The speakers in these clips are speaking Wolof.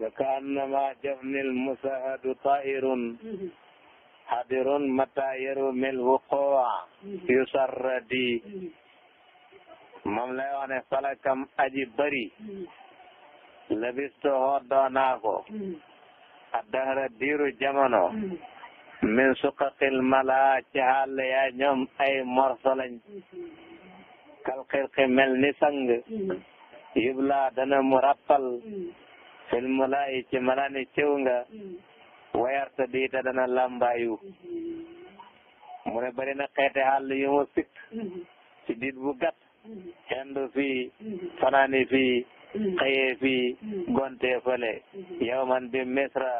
ma جفن المسهد طائر حذر متى يرمي الوقوع يسردي moom lay wax ne falakam aji bari labisto hoddoo naa ko addahra diiru jamono min suqaqil mala ci yaa ñoom ay morso kal xirqi mel ni sang yubla dana mu fil malaay ci malaani cëw nga wayarta diita dana làmbaayu mu ne mm. mm-hmm. bari na xeete àll yu ma sikk ci mm-hmm. diit bu gàtt mm-hmm. hendu fii fanaani fii xëyee fii gontee fële yawman bi misra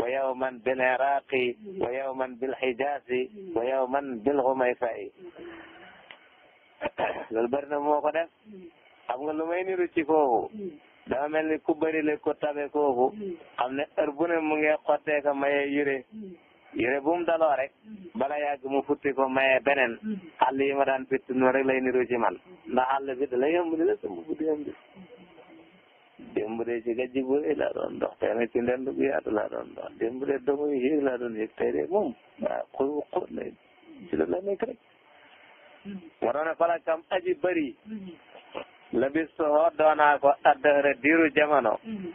wa yawman bil iraqi wa yawman bil hijazi wa yawman bil humayfa'i loolu bari na moo ko def xam nga lu may niru ci foofu dafa mel ni ku bëri la ko tabe kooku xam ne heure bu ne mu ngi xottee ko maye yure yure bu mu daloo rek bala yàgg mu futti ko maye beneen xàll yi ma daan fitt noonu rek lay niru ci man ndax xàll di la sumb bu démb bi démb de ci gàjji bu rëy laa doon dox tey nag ci ndend kam aji bëri labis soo doonaa ko addahra diiru jamono mm-hmm.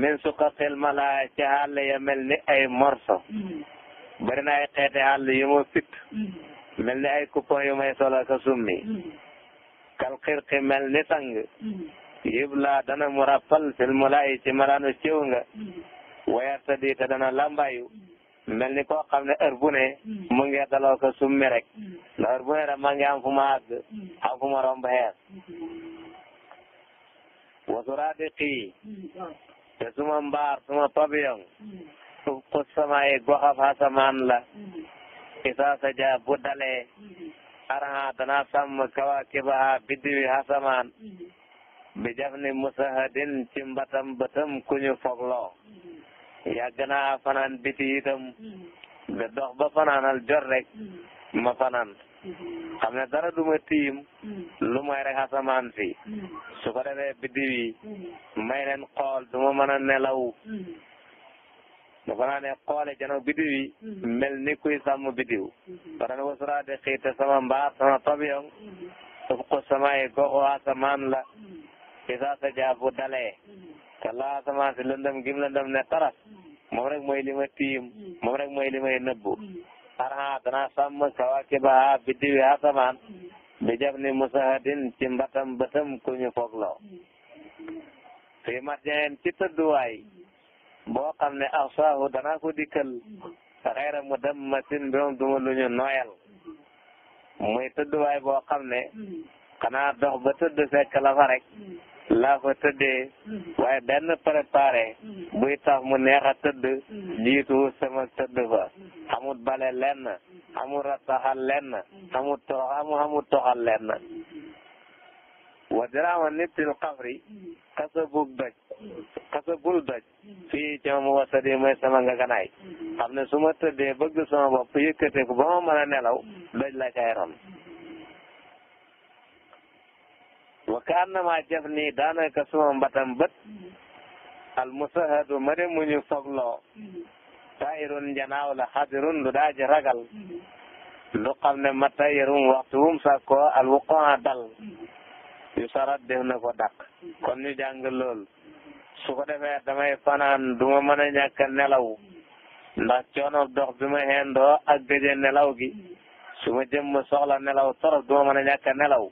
min suqatil malaa ci xàll ya mel ni ay morso mm-hmm. bari na ay xeeti xàll yu ma fit mm-hmm. mel ni ay coupon yu may solo ka summi kal xirqi mel ni tàng yib laa dana mu rappal fil mulaayi ci malaanu ciw nga wayarta di te dana lambayu mel ni koo xam ne heure bu ne mu ngi daloo ko summi rek ndax fu ma àgg am fu ma romb xeer wasuraadiqi hmm, te suma mbaar suma pavillon ufqu samaayi goxab hasamaan la hmm. isaa saja bu dalee hmm. araha dana sàmm kawaakibaha biddiwi hasamaan bi jafni musahadin ci mbatam bëtam kuñu fogloo yàgg naa fanaan biti itam dox ba fanaanal jot rek ma fanaan Mm-hmm. xam ne dara du ma tiim mm-hmm. lu mooy rek asamaan si mm-hmm. su ko defee biddiw yi may leen xool du ma mën a nelaw dafa naa ne xoole jano biddiw yi mel ni kuy sàmm biddiw waran wasuraade xiite sama mbaar sama tobiyoŋ ufqu samayi goxu asamaan la isa sa jaabu dalee te laa asamaan si lëndëm gim lëndëm ne taras moom rek mooy li tiim moom rek mooy li may nëbbu xarxa dana sàmm kawaakibaha biddiwi asamaan bi jam ni musahadin ci mbatam bëtam ku ñu foogloo fii marjeen ci tëdduwaay boo xam ne axsaahu dana ko dikkal xayra mu dammatin bimoom duma lu ñu nooyal muy tëdduwaay boo xam ne xanaa dox ba tëdd fekk la fa laa fa tëddee waaye benn préparé buy tax mu neex a tëdd jiitu sama tëdd ba amut bale lenn amut rattaxal lenn amut tox amut toxal lenn wa diraama nittil xabri xasa bug doj xasa bul doj fii ci ma wasadi mooy sama ngaganaay ne su ma bëgg sama bopp yëkkate ko ba ma mën nelaw doj la cay ron wa ka annama jëf nii daanaka suma mbatam bët al musahadu ma de mu ñu fogloo tairun njanaaw la xadirun lu daaji ragal lu xam ne ma tayirum waxtu wum sakko al wuqoona dal yu sarat def na ko dak kon ñu jàng lool su ko defee damay fanaan du ma mën a nelaw ndax coono dox bi ma xendoo ak gëje nelaw gi su ma jëm ma nelaw torop du ma mën a nelaw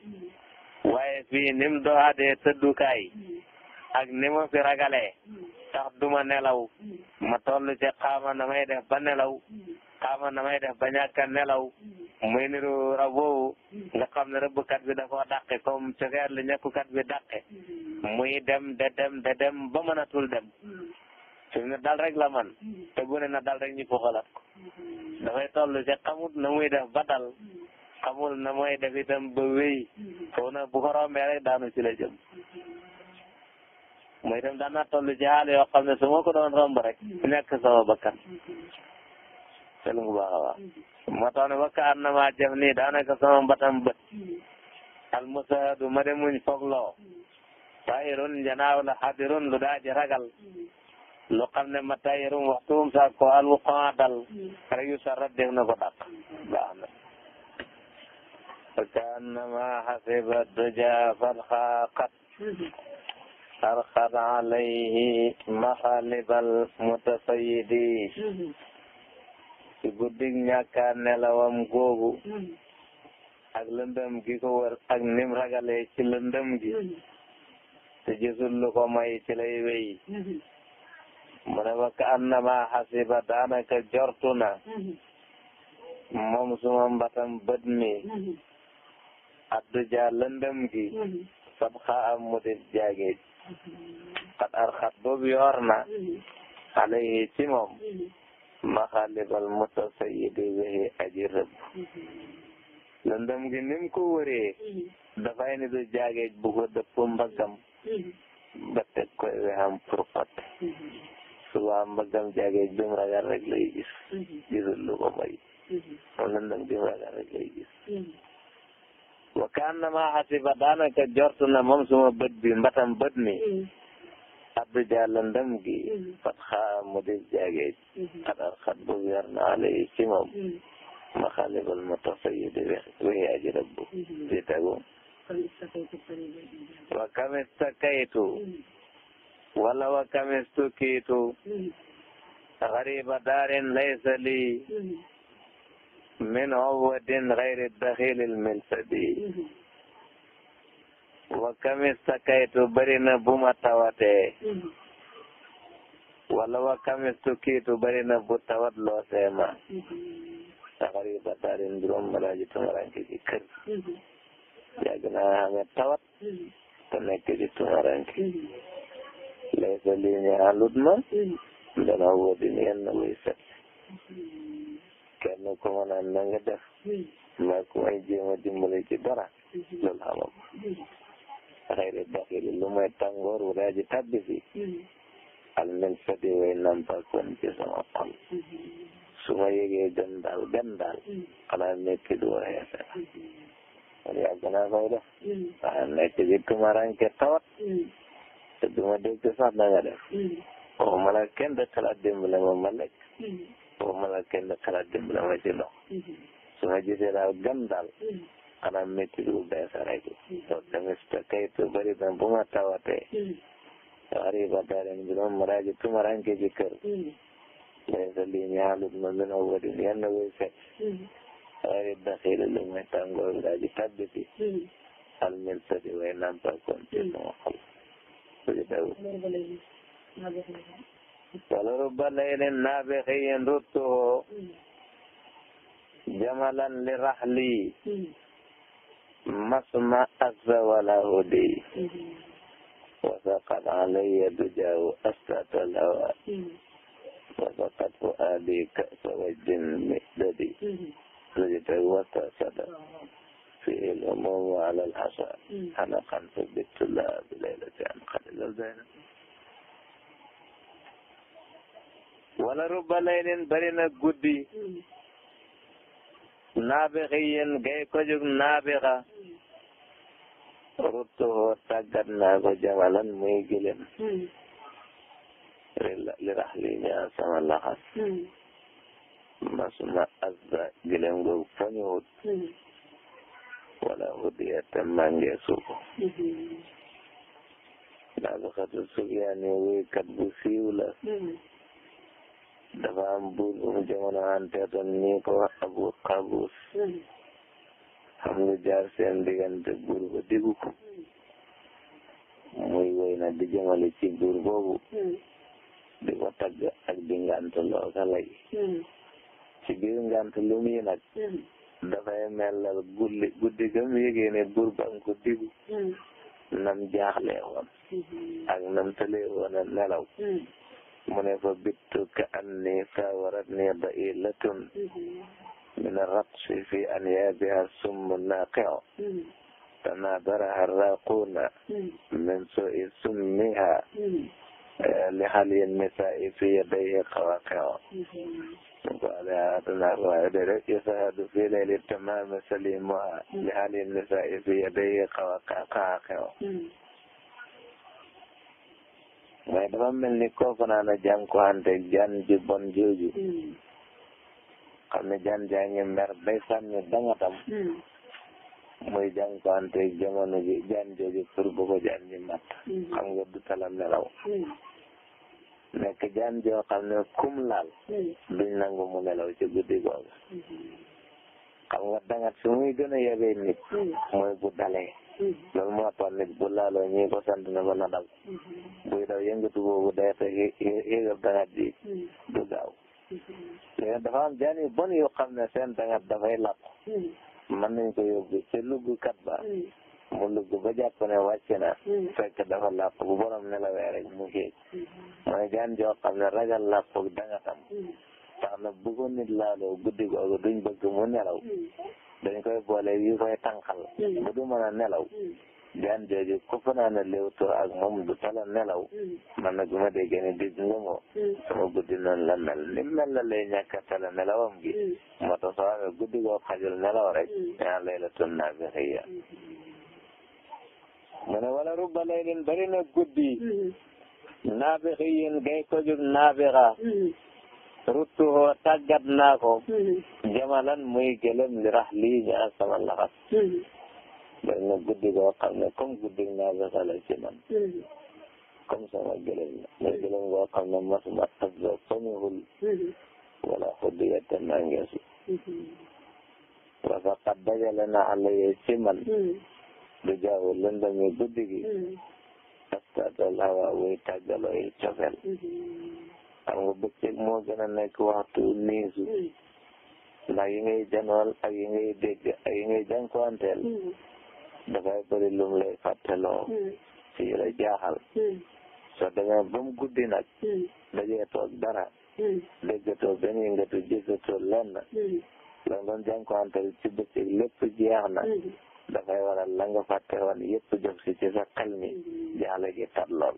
fii ni mu doxatee tëddukaay ak ni ma fi ragalee tax duma nelaw ma toll ci xaama na may def ba nelaw xaama na may def ba ñàkk a nelaw muy niru rab boobu nga xam ne kat bi dafoo dàqe comme cokeer li ñàkkukat bi dàqe muy dem de dem de dem ba mënatul dem su ne dal rek la man te bu na dal rek ñu ko xalaat ko dafay toll ci xamut na muy def ba dal xamul na mooy def itam ba wéy foofu nag bu ko rombee rek daanu ci la jëm mooy itam daan naa toll ci xaal yoo xam ne su ma ko doon romb rek nekk sama bakkan selu ngu baax a baax moo tax ne wakka an na maa jëf nii daanaka sama mbatam bët almusaadu ma de muñ fogloo tayirun njanaaw la xadirun lu daa ji ragal lu xam ne ma tayirun waxtuum sax ko alwu xon dal rek yu sarat def na ko dàq فكأنما حسب الدجى فالخاقت أرخت عليه مخالب المتصيدي ci guddig ñàkkaa nelawam googu ak lëndëm gi ko wër ak nim ragalee ci lëndëm gi te gisul lu ko may ci lay wéy mu ne ba ka annama xasiba daanaka jortu na moom suma mbatam bët mi xaddu ja lëndëm gi mhm. sabxa am mu di jaageej mhm. xat ar xat boobu yor na mhm. alayhi ci moom maxaalibal mutasayidi wehi aji rëbb lëndëm gi nim ko wëree dafay ni du jaageej bu ko dëpp mbaggam ba teg koy wexam pour xotte suba mbaggam jaageej bi mu ragal rek lay gis gisul lu ko may moom lëndëm gi mu ragal rek lay gis wa kaan na maa xasiba daanaka jortu na moom suma bët bi mbatam bët mi. Mm-hmm. addu jàllandam gi. Mm-hmm. fat xaa mu di jaageej. Mm-hmm. xadar xat bu weer naa lay ci moom. ma xaalibal ma tasa yu di wex wéy aji rabbu. di tegu. wa kamis ta kayitu. wala wa kamis tu kiitu. xariba daarin laysa lii. min obwadin gayri daxilil milsadi wa kamista kaytu bari na bu ma tawatee wala wa kamistu kiitu bari na bu tawat loo seema taxari ba tarin juróom balaa ji tumaranke ci kër yàgg naa xame tawat te nekk ci tumaranke laysa lii ñaa lut ma min obwadin yenn wuy set kenn ku ma naan nga def maa ku may jéem a dimbale ci dara loolu xamam xëyri baxili lu may tàngoor wu si al min sadi way nampal kon ci sama xol su ma yëgee gan daal gan daal xanaa métti du war a yeese la wala yàgg naa koy def waa nekk ci tumaranke tawat te du ma dégg sax na nga def waxuma la kenn foo mën a kenn xalaat dimbale ma ci ndox mhm. su ma gisee daal gan mhm. daal xanaa métti lu bees a rek mhm. soo tamit te kayit bëri na ma tawatee wari ba daren bi doon maraaji tumaranke ci kër laysa li ñaalut ma min awwadin yenn wuy fekk wari daxiil lu muy tàngoor bi daal di tabbiti al mil tëddi way nampal kon ci sama xol su wala rubba laylin naabixiyin ruttuhu jamalan li raxli masma azza wala hudi wasaqat alayya dujaahu astatal hawa wasaqat fuaadi kasa wajjin midadi rujitag wata sada fi il umum wa ala al hasa xanaqan fa bittulaa bi laylati an qadilal zaynab wala rubba laynin bari na guddi naabixiyin gay ko jug naabixa ruttuhoo tàggat naa ko jamalan muy gilem li rax li ñaan sama laxas masuma azza gilem googu fañu hut wala hudiya te màngee suuko naabixatu sugyaani wuykat bu siiw la dafa am buur bu mu ko abu qabuus xam nga jaar seen diggante buur ba diggu ko muy woy na di jëmale ci buur boobu di ko tagg ak di ngant loo ka lay ci biir ngant lu muy nag dafay melal guddi guddi ga mu yëgee ne buur ko diggu nam jaaxlee ak nam tëlee woon a nelaw mu ne fa bittu ka anni saawarat ni da'ilatun min ar-ratshi fi anyabiha summu naaqi'u tanaadaraha ar-raaquuna min suu'i summiha li xali nisaa'i fi yadayhi qawaaqi'u وعلى أدنى الرائد يسهد في ليل التمام سليمها لحال النساء في يديه قواقع mais dama mel ni kooku naan a jànkuwanteeg jaan ji bon jooju hmm. xam ne jaan jaa ngi mer bay sànni dangatam hmm. muy jànkuwanteeg jamono ji jaan jooju pour bu ko jaan mat hmm. xam nga du talam nelaw nekk jaan joo xam ne kum laal duñ nangu mu nelaw ci guddi googu xam nga dangat su muy gën a yebee nit bu dalee loolu moo tax nit bu laaloo ñi ko sant ne mën na daw buy daw yëngatu boobu day fekk yëgal dangat ji du gaaw léegi dafa am jaan yu bon yoo xam ne seen dangat dafay làpp mën nañ ko yóbbu ca luggkat ba mu lugg ba jàpp ne wàcc na fekk dafa làpp bu borom nelawee rek mu géej mooy jaan joo xam ne ragal làpp dangatam tax na bu ko nit laaloo guddi googu duñ bëgg mu nelaw dañ koy boole yi koy tànqal ba du mën a nelaw gan jooju ku fanaana léewtoo ak moom nelaw man nag bi ma déggee ni nga moo sama guddi noonu la ni mel la lay ñàkk a tala nelawam gi moo tax soo guddi goo xajul nelaw rek ñaan lay la naa bi xëyya mu wala rubba lay leen na guddi naabixi yin gay ko jug naabixa ruttuhoo tàggat naa ko jamalan muy gëlëm li rax lii ñu ànd sama laxas. bëri na guddi goo xam ne comme guddi naa basala ci man. comme sama gëlëm la. muy gëlëm goo xam ne masuma wala xuddi ya te nangeesu. wasa xat dajale na àlla yee ci man. du jaawu lëndami guddi gi. astatal hawa wuy tàggaloo yi cofeel. xam nga bëccëg moo gën a nekk waxtu niisu. ndax yi ngay janool ak yi ngay dégg ak yi ngay jànkuwanteel hmm. dafay bëri lum lay fàtteloo ci hmm. la jaaxal hmm. soo demee ba mu guddi nag dajee toog dara déggatoo benn yëngatu jéggatoo lenn la nga doon jànkuwanteel ci bëccëg lépp jeex na dafay waral la nga fàtte woon yëpp jóg si ci sa xel jaaxle gi tat lool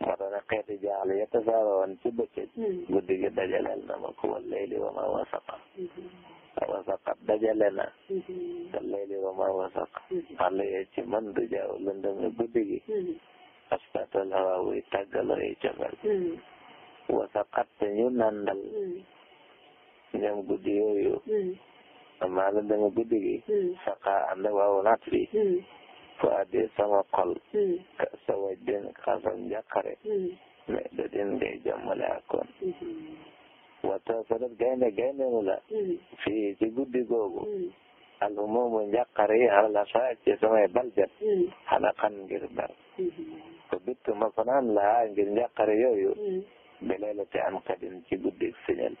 moo tax nag xeeti jaaxle ya tasaaroo woon ci bëccëg hmm. guddi gi dajaleel na ma ko wal layli wa ma wasaqa hmm. wasaqat dajale na te hmm. layli wa ma wasaq xale yee ci man du jaaw lëndëm yi guddi gi aspatal hawa wuy tàggaloo yi cofel wasaqat te ñu nandal ñoom guddi yooyu amaa lëndëm yi guddi gi saqa ànd waaw naat bi faadi sama xol hmm. ka sa wajdin xasam njàqare mais hmm. da din ngay jàmmale akoon hmm. wata sadat gaynde gaynde mu la ci guddi googu alhumumu njàqare yi xala saa ci samay baljet xana xan ngir ber ko bittu ma fanaan laa ngir yooyu bileela te an xadin ci guddi siñal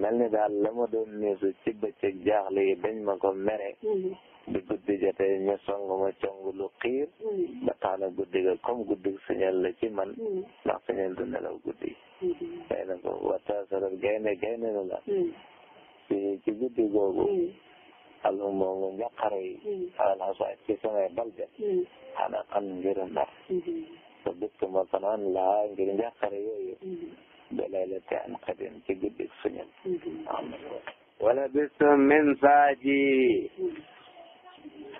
mel ni daal la ma doon niisu ci bëccëg jaaxle yi dañ ma ko mere bi guddi jotee ñu song ma cong lu xiir ba tax guddi ga comme guddi signal la ci man ndax signal du nelaw guddi xëy na ko waxtaan sarat gaynde gaynde na la ci guddi googu alum moomu njaqare yi alal ci samay balde xanaa xam ngir nar te dëkk ma fanaan laa ngir njaqare yooyu belay la te an xadim ci guddi signal mm-hmm. am wala bisu min saaji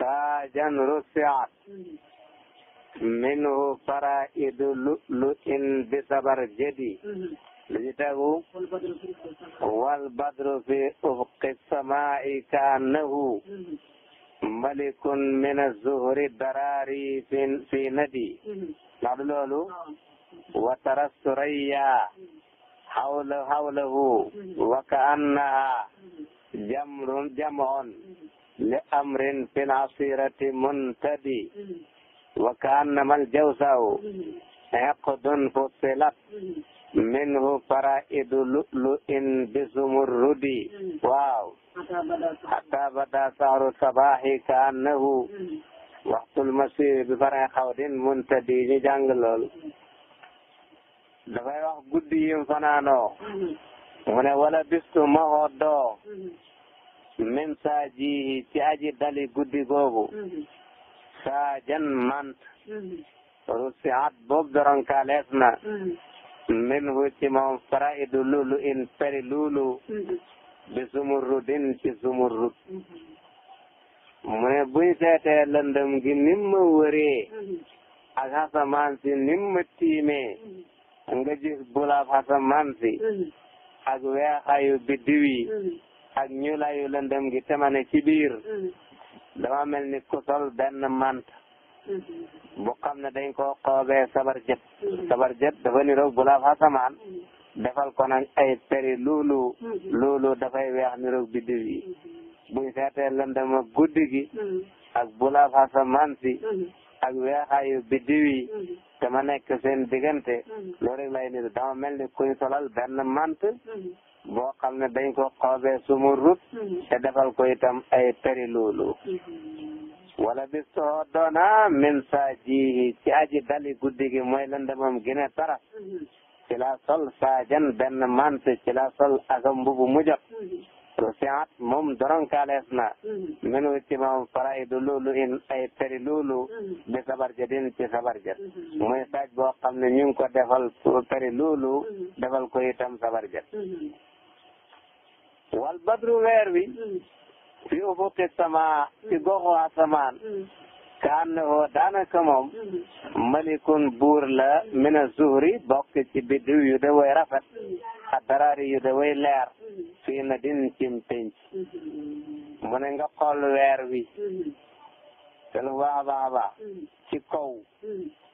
تاجا رفعت منه فرائد لؤلؤ بسبرجد li tegu wal badru fi ufqi samaa'i kaannahu malikun min az-zuhri daraari fi nadi ndax du loolu wa tara surayya hawla hawlahu wa kaannaha jamrun jam'un li amrin fin asirati muntadi wa kaannama aljawsaw iqdun fussilat minhu faraidu lu'lu'in bisumurrudi waaw hatta bada saaru sabahi kaannahu waxtul masiri bi farin xawdin muntadi ñu jàng lool dafay wax guddi yim fanaanoo mu ne wala bistu ma hoddoo min saa ji ci aji dali guddi googu. saa jan mant. rusiat boobu doron kaalees na. min hu ci moom faraidu lulu in peri lulu. bi sumurudin ci sumurud. mu ne buñ seetee lëndëm gi nim ma wëree. ak asamaan si nim ma tiimee. nga gis bulaab asamaan si. ak weexaayu biddiw yi. ak ñuulaayu lëndëm gi temane ci biir mm-hmm. dama mel ni ku sol benn mant mm-hmm. bu xam ne dañ koo xoobee sabar jët mm-hmm. sabar jët dafa niroog gulaab xasamaan defal ko nag ay peri luulu luulu dafay weex niroog biddiw yi buñ seetee lëndëm ak guddi gi ak gulaab xasamaan si ak weexaayu biddiw yi te ma nekk seen diggante loolu rek lay niru dama mel ni kuñ solal benn mant boo xam ne dañ ko xoobee sumu rut mm-hmm. te defal ko itam ay tëri loolu mm-hmm. wala bis too doona min saa ji ci aji dali guddi gi mooy lëndamam gine tara mm-hmm. ci la sol saa saajan benn mant ci la sol aka mbubu mujot rusiat moom doronkalees na minu ci moom faraidu loolu in ay tëri loolu bi sabar jadin ci sabar jat mooy saaj boo xam ne ñu ngi ko defal tëri loolu defal ko itam sabar jat wal badru weer wi fi ufuqi sama ci goxu asamaan mm. kaan ne woo daanaka moom mm. malikun buur la mina zuhri bokk ci biddiw yu da way rafet mm. ak daraari yu da way leer fii na din cim pénc mu nga xool weer wi te lu baax a ci kaw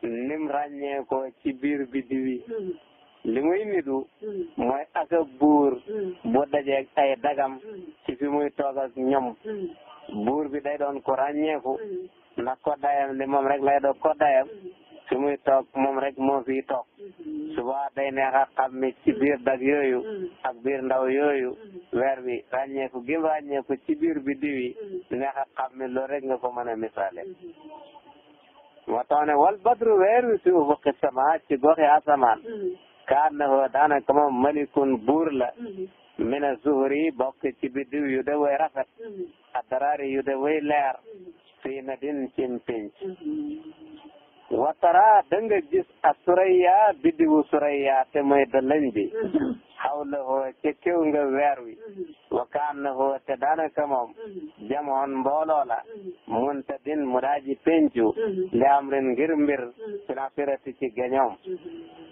nim ràññee ko ci biir biddiw yi li muy nidu hmm. mooy ak a buur hmm. bu dajeeg ay dagam hmm. ci fi muy toog ak buur bi day doon ko ràññeeku ndax koddaayam li moom rek lay doon koddaayam fi muy toog moom rek moo fiy toog suba day neex a mi ci biir dag yooyu ak biir ndaw yooyu weer bi ràññeeku gim ràññeeku ci biir bi diwi neex a xam mi loolu rek nga ko mën a misaale moo wal badru weer wi si ufuqi sama ci goxi asamaan kaa na daan daanaka moom malikun buur la mhm. mina zuhri bokk ci biddiw yu de way rafet mhm. adaraari yu de way leer mhm. fii na din cim pinc watara danga gis a suraya biddiwu suraya te mooy dalañ bi xawla hoo ca kew nga weer wi wakaan na hoo te daanaka moom jamoon mbooloo la muntadin mu daaji pencu li amrin ngir mbir filafirati ci gañoom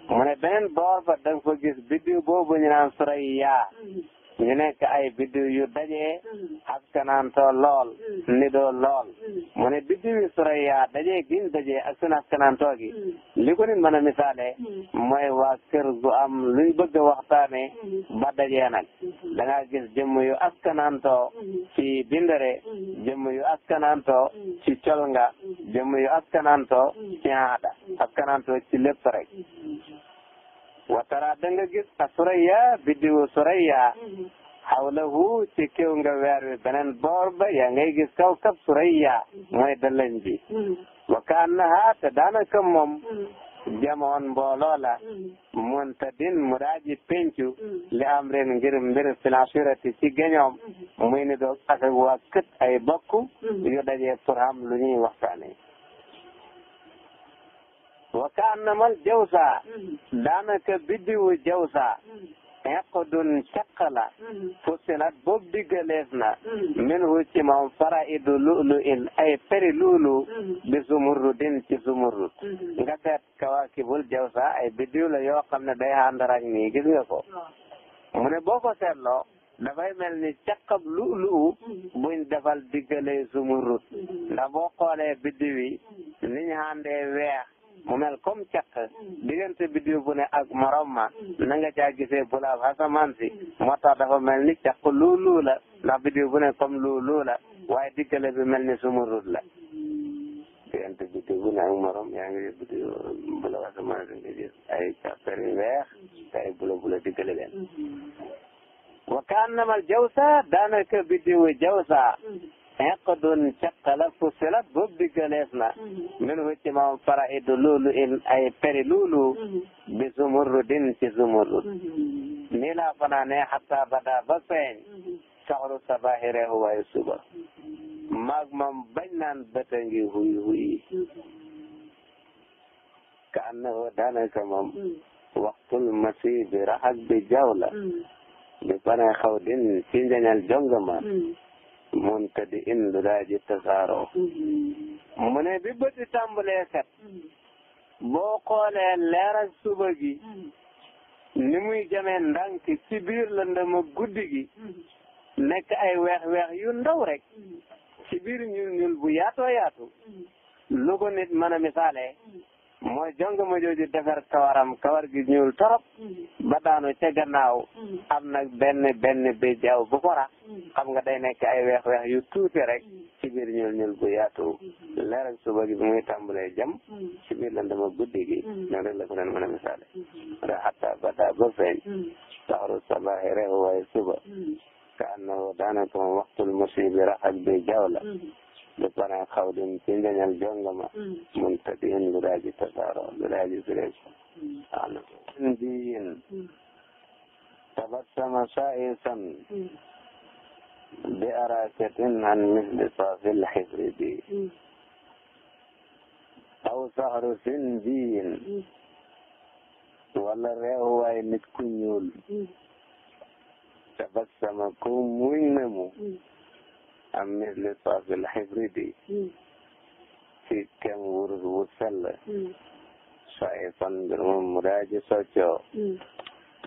mu ne beneen boor ba da nga fa gis biddiw boobu ñu naan Surayya mm-hmm. ñu nekk ay biddiw yu dajee mm-hmm. askanaantoo lool mm-hmm. nidoo lool mu ne biddiw yu Surayya dajee giñ dajee ak seen askanaantoo gi li ko nit mën a misaale mooy waa kër gu am luñ bëgg a waxtaane ba dajee nag da ngaa gis jëmm yu askanaantoo ci bindare jëmm yu askanaantoo ci colnga jëmm yu askanaantoo ci aada askanaantoo ci lépp rek watara danga gis a suraya biddiwu suraya xawlahu mm-hmm. ci kew nga weer wi beneen boor ba yaa ngay gis kawkab suraya mm-hmm. mooy dalañ bi mm-hmm. wa ka annaha te daanaka moom jamoon mbooloo la muntadin mu daaji pencu li am ren mbir financirati ci gañoom muy ni doog ak ak waa kët ay bokk yu dajee pour am lu ñuy waxtaanee wakaana mal jawsa daanaka biddiwu jawsa inqadun caqala fusilat boobu diggaleef na min hu ci moom faraidu lulu in ay peri lulu bi sumurudin ci sumurud nga seet kawaakibul jawsa ay biddiw la yoo xam ne day àndarak nii gis nga ko mu ne boo ko seetloo dafay mel ni caqab lulu buñ defal diggalee sumurud ndax boo xoolee biddiw yi niñ àndee weex mu mel comme caq diggante biddiw bu ne ak morom ma na nga caa gisee bulaab asamaan si moo tax dafa mel ni caq luuluu la ndax biddiw bu ne comme luuluu la waaye diggale bi mel ni sumurut la diggante biddiw bu ne ak morom yaa ngi gis biddiw bulaab asamaan si nga gis ay càppar yu weex te ay bula bula diggale leen wa kaannamal jawsa daanaka biddiwu jawsa xeqadun caq la fusilat boobu bi gënees na. Mhm. min hu ci moom faraidu luulu in ay peri luulu. Mhm. bi zumurudin ci zumurud. Mhm. nii laa fanaanee xataa badaa ba feeñ. saxru sabahi reewu waayu suba. maag moom bañ naan bët a ngi huy huy. ka annahu waxtul masi bi raxas bi jaww la. bi banee xaw din ci njañal jongama. di in lu daa ji tasaaroo mm-hmm. mu ne bi bëti tàmbalee set boo xoolee leer ak suba gi mm-hmm. ni muy jamee ndànk ci biir lëndëm ak guddi gi mm-hmm. nekk ay weex-weex yu ndaw rek ci biir ñuul ñuul bu yaatoo yaatu lu ko nit mën a misaalee mooy jong ma jooju defar kawaram kawar gi ñuul torop mm-hmm. ba daanu ca gannaaw mm-hmm. am nag benn benn béjjaaw bu ko rax mm-hmm. xam nga day nekk ay weex weex yu tuuti rek ci biir ñuul ñuul bu yaatu leer mu suba gi bi muy tàmbalee jam ci biir lan dama guddi gi noonu rek la ko doon mën a misaale da xatta ba daa ba feeñ taxaru sabaaxi reew waaye suba ka annahu daanaka moom waxtul musibi rax ak béjjaaw la du pana xaw din ci njañal jongama mun tadiin lu daa ji tëb alhaji Sureej an indiyin tabassama sa'isan bi arakatin an misli saafil xibridi aw saxru sinjiin wala reew waay nit ku ñuul tabassama ko muñ na mu am misli saafil xibridi ci kem wurus wu saifan ngërma muraaji socco hmm.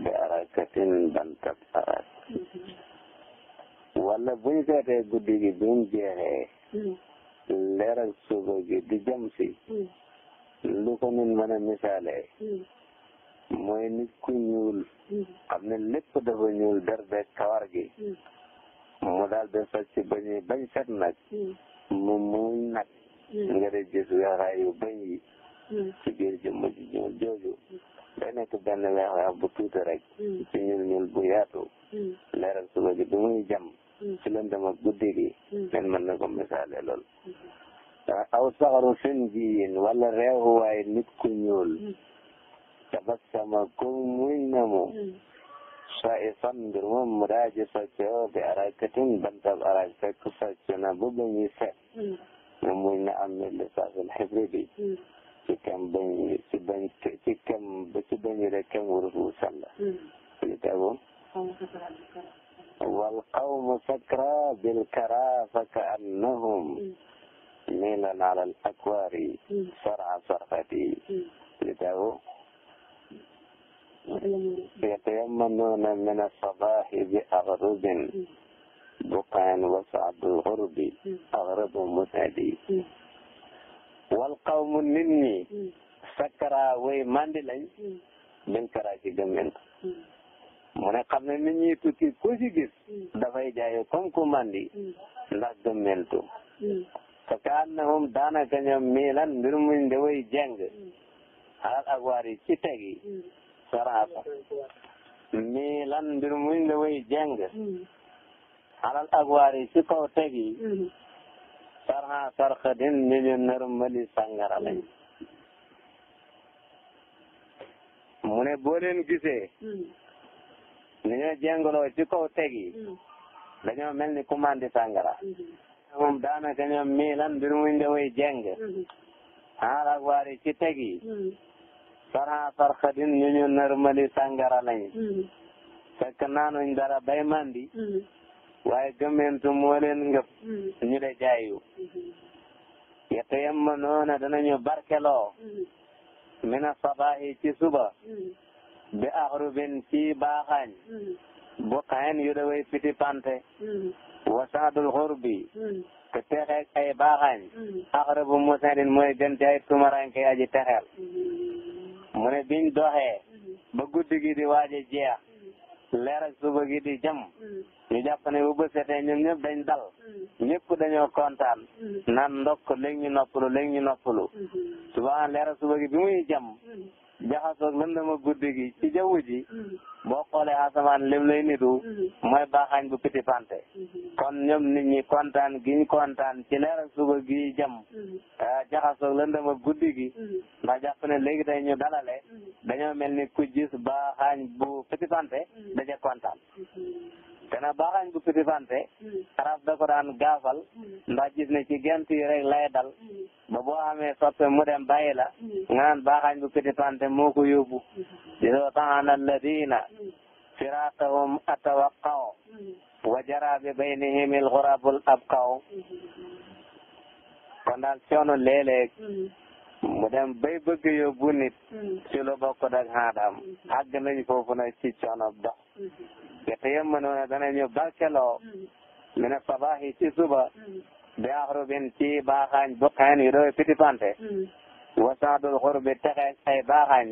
bi arakatin bantab arak hmm. wala buñ seetee guddi gi buñ jeexee hmm. leer gi di jëm si lu ko nit mën a mooy nit ku ñuul xam ne lépp dafa ñuul der beeg kawar gi mu daal di socc ba ñuy set nag mu muuñ nag nga di gis weexaayu Hmm. ci biir jëmm ji ñuul jooju day nekk benn weex bu tuuti rek hmm. ci ñuul ñuul bu yaatu hmm. leeral suba ji bi muy jam ci lëndëm ak guddi gi nen mën na ko misaale lool aw saxaru seen jiyin wala reewu waaye nit ku ñuul tabassama kom muñ na mu sa isan mbir moom mu daa ji soccoo bi arakatin bantab arak fekk socc na ba ba ñuy set mu muñ na am min lisaasil xibridi ci kam bañ ci bañ ci kam ba ci bañ rek kam warul wu sàll. li hmm. tegoon. wal qawmu sakra bil kara fa ka annahum. Hmm. milan ala al akwari. Hmm. sar'a sarqati. li tegoon. yatayammanuna min as-sabahi bi aghrubin. buqan wa sa'd al-ghurbi. aghrabu musadi. wal qawmu nit ñi hmm. sakara way mandi lañ hmm. min kara ci gëm yàlla hmm. mu ne xam ne nit ñi ku ci gis dafay jaayo comme ku mandi ndax gëmmentu parce que annahum daanaka ñoom miilan mbir muñ da way jeng alal agwaar ci tegi saraafa miilan mbir muñ da way jeng alal agwaar ci kaw tegi sarxa sarxadin ni ñu nërmali sàngara lañ mu ne boo leen gisee hmm. ni ñoo jéngaloo ci kaw teg yi hmm. dañoo mel ni ku commande sàngara hmm. moom daanaka ñoom mii lan mbir muñ daway jéng xaal ak waari ci teg yi sarxa sarxadin ni ñu nërmali sàngara lañ fekk naanuñ dara bay mandi waaye gëmmentu moo leen ngëp mm-hmm. ñu de jaayu yete mm-hmm. yemma noona danañu barkeloo mm-hmm. mina sabahi ci suba bi axrubin ci baaxaañ bu xayen yu daway fiti pante wasaadul xurbi te texeeg ay baaxaañ axrubu musanin mooy gën ci ay tumaranke aji texeel mu ne biñ doxee ba guddi gi di waaje jeex leer ak suba gi di jëm mm. ñu jàpp ne bu bës setee ñoom ñëpp dañ dal mm. ñëpp dañoo kontaan mm. naan ndokk léegi ñu noppalu léegi ñu noppalu mm-hmm. subaa leer ak suba gi bi muy jëm jaxasoog lëndama guddi gi ci jaww ji boo xoolee asamaan lim la nitu mooy baaxaañ bu piti pante mm-hmm. kon ñoom nit ñu kontaan giñ kontaan ci leer ak suba gi jëm ah, jaxasoog lëndama guddi gi ndax jàpp ne léegi tey ñu dalale dañoo mel ni ku jis baaxaañ bu petit panté mm. daje kontaan mm-hmm. te nag baaxaañ bu petit panté mm. arab da ko daan gaafal mm. ndax gis ne ci gent yi lay dal ba boo amee soppe mu dem bàyyi la nga naan baaxaañ bu petit panté moo ko yóbbu mm-hmm. di soo taxaan alladina firaatahum atawaqaw wa jara bi baynihim il xurabul abqaw mm-hmm. kon daal coono léeg mu dem bay bëgg yóbbu nit mm. ci lu bokkut ak xaadam mm-hmm. àgg nañ foofu nag ci coono dox gerte yëpp ma ne woon danañu barkeloo mi ne sabaaxi ci suba mm-hmm. bi axrubin ci baaxaañ bokkaan yu doy pitipante mm-hmm. wasaadul xur bi texeeg ay baaxaañ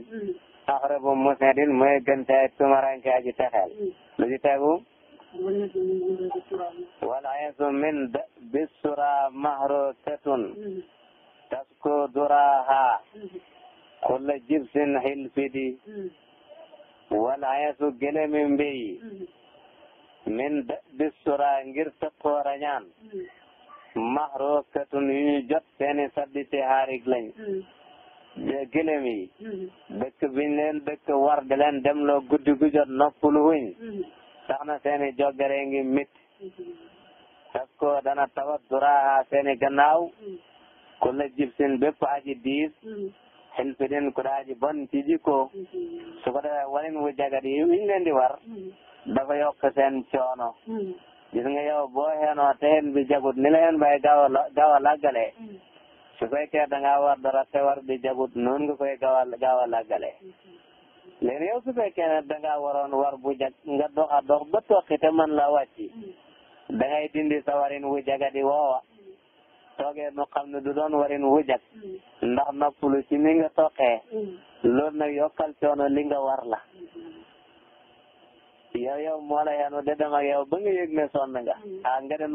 axrubu musedin mooy gënte tumaranke aji texeel lu ci tegu wala yeesu min bis sura mahro ketun تسكو دراها كل جبس حلفدي والعيس جلم بي من دأب السرى ngir tëppoo rañaan mahroosatun yu ñu jot seeni saddi te haarig lañ de dëkk biñ leen dëkk war di leen demloo guddi gu jot wuñ tax na seeni joggare ngi mit tas dana tawat duraaha seeni gannaaw kulla jibsin bépp aji diis xel fi din ku daaji bon ci jikko mm-hmm. su ko defee wu jagat yi wiñ leen di war mm-hmm. dafa yokk seen coono mm-hmm. gis nga yow boo xeenoo te xen bi jagut ni bay gaaw a gaaw a làggale su fekkee da war dara te war bi jagut noonu nga koy gaaw a gaaw a làggale léegi yow su fekkee ne da ngaa waroon war bu jag dox a dox ba toqi te man la wàcci da ngay dindi sa warin wu jagadi woowa toogee nu xam ne du doon warin wu jag ndax noppalu ci mi nga toqee mm-hmm. loolu nag yokkal coono li nga war la mm-hmm. yow yow moo la yanu de dem ak yow son nga yëg ne sonn nga mm-hmm. ah nga de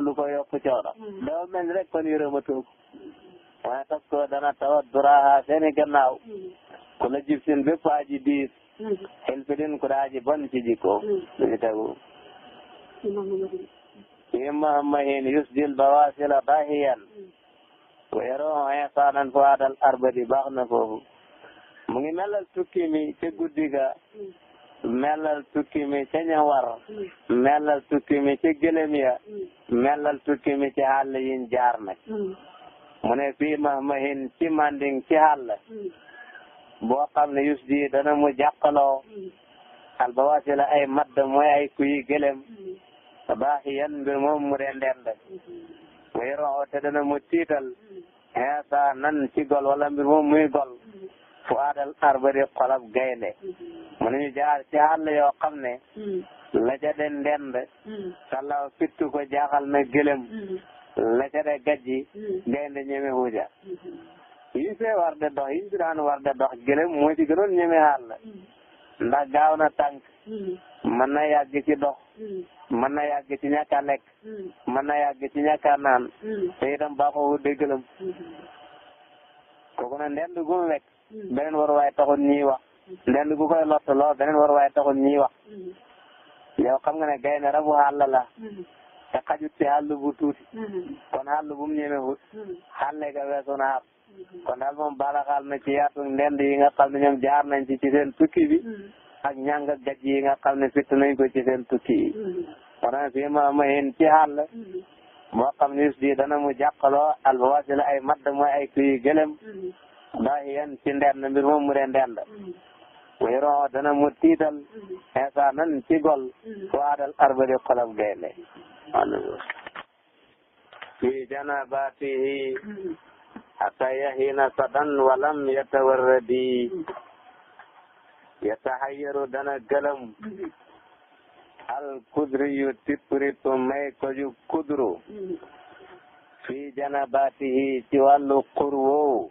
lu ko yokk coono dafa mel ni rek kon yërëmatoo ko waaye tas ko dana tawat duraaha seeni gannaaw ku la jib sin bépp aji diis xel fi din ku daa aji bon ci jikko lu في مهمه يسدي البواسل باهيا ويروح إحسانا فؤاد الأربد baax na foofu mu ngi melal tukki mi ca guddi ga melal tukki mi ca ña war melal tukki mi ca gëlëm ya melal tukki mi ci àll yiñ jaar nag mu ne fii mahmahin ci manding ci àll boo xam ne yus di dana mu jàqaloo albawasila ay madd mooy ay kuyi gëlëm baax yan mbir moom mu dee ndeen la muy roxo te dana mu tiital xeesa nan ci gol wala mbir moom muy gol fu aadal arbari xolab gaynde mu ñu jaar ci àll yoo xam ne la ca de ndend fittu ko jaaxal na gëlëm la ca de gajji gaynde ñeme huja yi war de dox yi daan war de dox gëlëm moo ci gënoon ñeme àll ndax gaaw na tànk mën na yàgg ci dox Hmm. mën na yàgg ci ñàkk a lekk. Hmm. mën na yàgg ci ñàkk a naan. Hmm. te itam baaxoo wu déggalam. kooku nag ndend gu mu wekk. beneen waruwaay taxul ñuy wax. ndend gu koy lott lool beneen waruwaay taxul ñuy wax. yow xam nga ne gaynde rabu àll la. te xajut ci àll bu tuuti. kon àll bu mu ñemewut. xàlle ga weesu kon daal moom bala xaal na ci yaatu ndend yi nga xam ne ñoom ci ci seen tukki bi. ak ñàng ak gàcce yi nga xam ne fitt nañ ko ci seen tukki yi. maanaam fii ma mahin ci xàll. moo xam ne si dana mu jàqaloo albawaasila ay madd mooy ay kuy gëlëm. ndax yéen ci ndend mbir moom mu dee ndend. wéeroo dana mu tiital. insaanan ci gol. foo aadal arbadi xolam gaynde. fi janabaatihi. hatta yahina sadan walam yatawarradi yataxayyaru dana gëlëm al kudri yu tipritu may ko ju kudru fii janabatihi ci wàllu xur woowu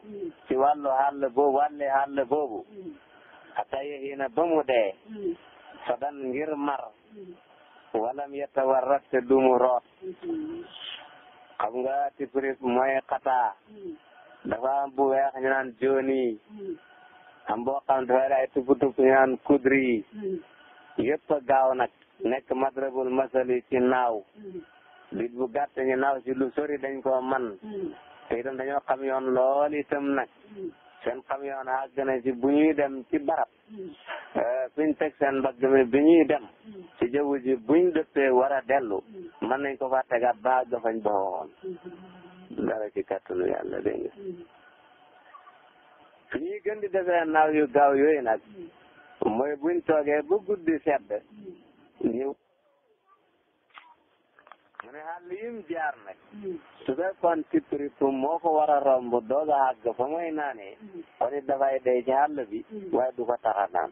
ci wàllu xàll boobu wàlli xàll boobu xata yahina ba mu dee fadan ngir mar walam yatawarrat te dumu root nga tiprit mooy xataa dafa am bu weex ñu naan jooni am boo xam ne dafay raay tupp tupp ñu naan mm-hmm. gaaw nag nekk madrabul masali ci naaw bit mm-hmm. bu gàtt ñu naaw ci lu sori dañ koo man mm-hmm. te itam dañoo xam yoon lool itam nag seen xam yoon àgg na ci bu ñuy dem ci barab euh, fiñ teg seen mbagg mi bi dem ci jaww ji buñ dëppee war a dellu mën nañ ko fa tegaat ba àgg fañ ba woon dara ci kàttanu yàlla dégg nga fi ñuy gën di defee naaw yu gaaw yooyu nag mooy buñ toogee guddi sedd ñëw mu ne yim jaar nag su fekkoon ci prip moo ko war romb doog a àgg fa mooy naanee wala dafay dee ci xàll bi waaye du ko tax a naan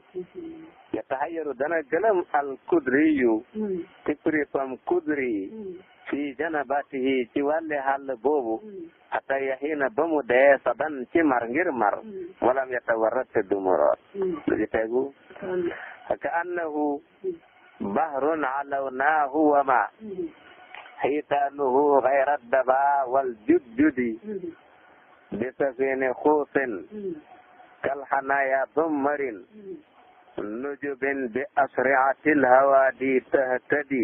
ya dana gëlëm al kudri yu pripam kudri yi fii ci wàlli xàll boobu xata yaxiina ba dee sadan ci mar ngir mar walam yatawarrat te du moroot lu ci tegu ka annahu bahrun alawnaahu wa ma xiitaanuhu xayra daba wal judjudi bi safini xuusin kal xanaaya dummarin nujubin bi asriatil hawaadi tahtadi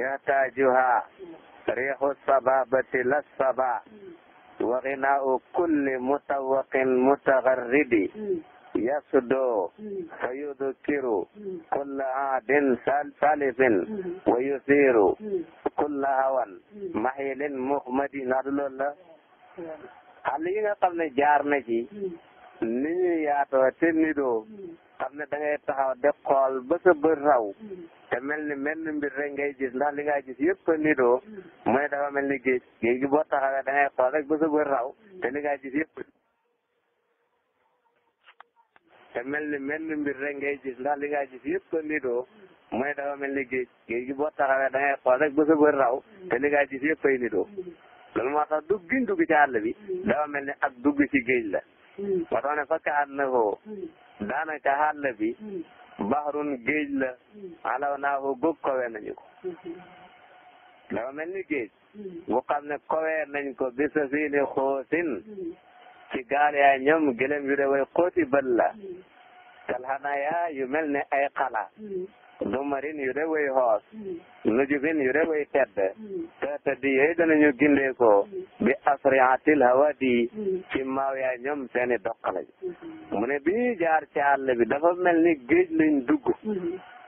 yahtaajuha riixu sababati la saba waxinaa u kulli musawaqin mutagarridi mm. yasudo fa mm. yudukiru mm. kulla aadin salifin wa yusiru kulla hawan mahilin muhmadin naa du loolu la xal yi nga xam jaar na ci ni ñuy yaatoo te nidoo xam ne da ngay taxaw de xool ba sa bët raw mel ni mel ni mbir rek ngay gis ndax li nga gis yëpp a nidoo mu ne dafa mel ni géej géej gi boo taxawee da ngay xool ba sa bët raw te li nga gis mel ni mel ni mbir rek ngay gis ndax li nga gis yëpp a nidoo mu ne dafa mel ni géej géej gi boo taxawee da ngay xool rek ba sa bët raw te li nga gis yëpp ay moo tax dugg giñ dugg ci bi dafa mel ni ak dugg ci géej la moo tax ne fa ka àll ko hmm. bi hmm. baxrun géej la hmm. alaw naa ko góog kowe nañu ko dafa mel ni géej bu xam ne kowe nañ ko bi sa siini xoosin ci gaal yaa ñoom gëlëm yu de way xóoti bët la kal xanaa yaa yu mel ne ay xala zumarin yu de way hoos mm. mm. nujubin yu de way tedd mm. tahtadi yey danañu gindeekoo bi asriatil hawadi ci maaw yaa ñoom seeni doqala mu ne bi ñuy jaar ci àll bi dafa mel ni géej lañ dugg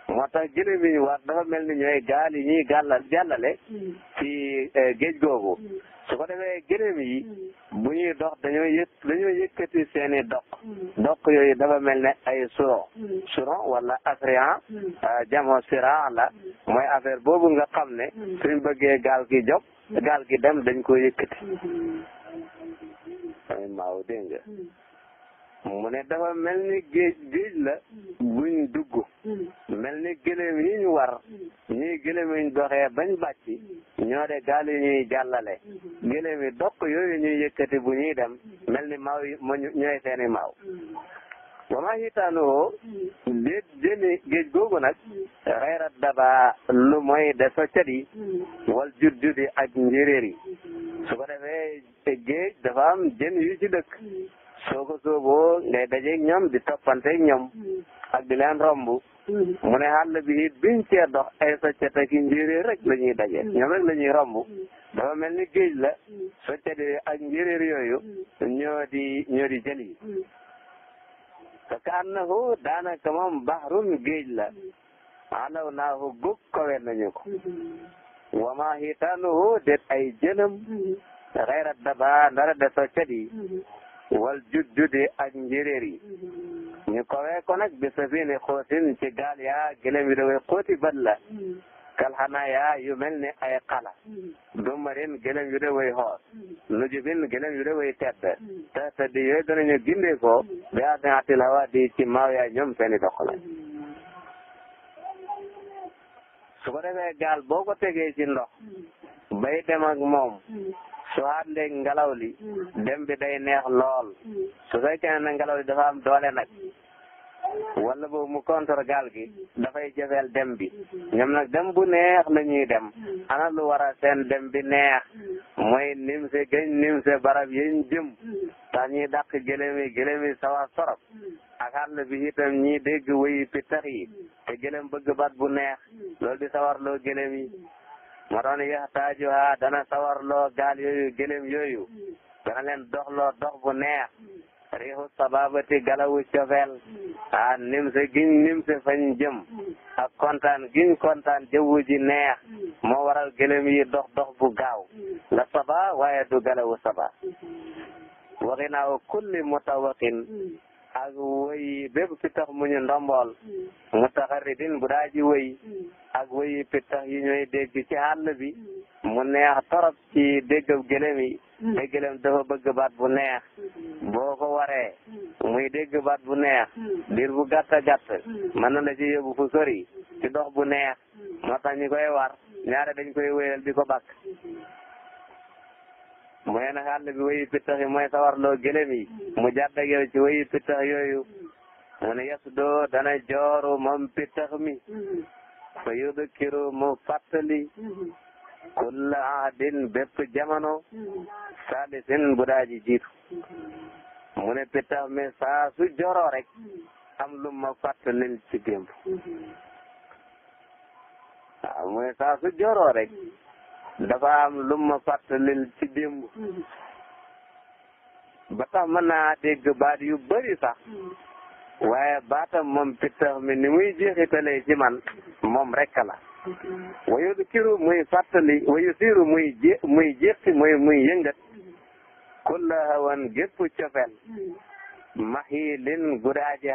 moo tax jëlee bi ñu war dafa mel ni ñooy gaal yi ñuy gàllal jàllale ci eh, géej googu su ko defee gëléem yi mm. bu ñuy dox dañoo yë dañoo yëkkati seen i doq mm. doq yooyu dafa mel ne ay suron mm. suron wala asrian jamo siran la mooy affaire boobu nga xam ne suñ bëggee gaal gi jóg gaal gi dem dañ ko yëkkati maaw dégg mu ne dafa mel ni géej géej la buñ dugg mm. mel ni gëlëm yi ñu war mm. ñuy gëlëm yi ñu doxee bañ bàcci mm. ñoo de gaal yi ñuy jàllale mm-hmm. gëlëm yi dokk yooyu ñuy yëkkati bu ñuy dem mm-hmm. mel ni maaw yi ma ñooy seeni maaw wama hitaanoo déet jëni géej googu nag xeyrat daba lu mooy dafa cadi wal judjudi ak njéréer yi mm-hmm. su ko defee géej dafa am jën yu ci dëkk soo ko sooboo ngay dajeeg ñoom di toppanteeg ñoom hmm. ak di leen romb hmm. mu ne xàll bi it biñ cee dox ay soccata ki njéeréer rek la daje hmm. ñoom rek la ñuy romb dafa mel ni géej la soccata ak njéeréer yooyu ñoo di ñoo di jël yi te ka annahu daanaka moom baxrun géej la alaw naahu góog kowe nañu ko wama xitaanuhu det ay jënam xayra daba ndara de soccata yi wal jujjudi ak njéeréer yi kowee ko nag bi safini xóotin ci gaal yaa gëlëm yi da koy xóoti bët la kalxanaa yaa yu mel ni ay xala dumarin gëlëm yu da koy xool nujubin gëlëm yu da koy tedd te te di yooyu danañu gindee ko bi adinaatil hawa di ci maaw yaa ñoom seeni doxla su ko defee gaal boo ko tegee ci ndox bay dem ak moom su àndeeg ngelaw li hmm. dem bi day neex lool hmm. su fekkee ne ngelaw li dafa am doole nag wala boobu mu contre gaal gi hmm. dafay jafeel dem bi ñoom nag dem bu neex la ñuy dem ana lu war a seen dem bi neex mooy nimse gëñ nimse barab yéñ jëm tax ñuy dàq gëlëm yi gëlëm yi sawa sorop ak àll bi itam ñiy dégg wéyi pittax yi te gëlëm bëgg baat bu neex loolu di sawar loo gëlëm yi moo tax ne yaxtaajuha dana sawarloo gaal yooyu gëlëm yooyu dana leen doxloo dox bu neex riixu sababati galawu cofeel a nimse giñ nimse fañ jëm ak kontaan giñ kontaan jawwu ji neex moo waral gëlëm yi dox dox bu gaaw la saba waaye du galawu saba waxinaaw kulli mutawaqin ak wëy bépp pittax mu ñu ndombool hmm. mu taxaridin bu daa ji wëy hmm. ak wëyi pittax yi ñooy dégg ci àll bi hmm. mu neex torop ci déggab gëlëm yi te gëlëm dafa bëgg baat bu neex boo ko waree muy dégg baat bu neex diir bu gàtt gàtt mën na la ci yóbbu fu sori ci dox bu neex moo tax ñu koy war ñaare dañ koy wéyal di ko bakk mooy na xàll bi wayu pittax yi mooy sawarloo gëlëm yi mu jàddag yow ci wayu pittax yooyu mu ne yes doo dana jooru moom pittax mi fa yudukiru mu fàttali kulla ahdin bépp jamono salisin bu daa ji jiitu mu ne pittax mi saa su joroo am lu ma fàttalil ci démb mu ne saa su joroo dafa am lu ma fàttalil ci démb ba tax mën naa dégg baat yu bëri sax waaye baatam moom pittax mi ni muy jeexitalee ci man moom rekk la wayu kiru siiru muy je muy muy muy yëngat kulla hawan gépp cofeel maxi lin gudaaji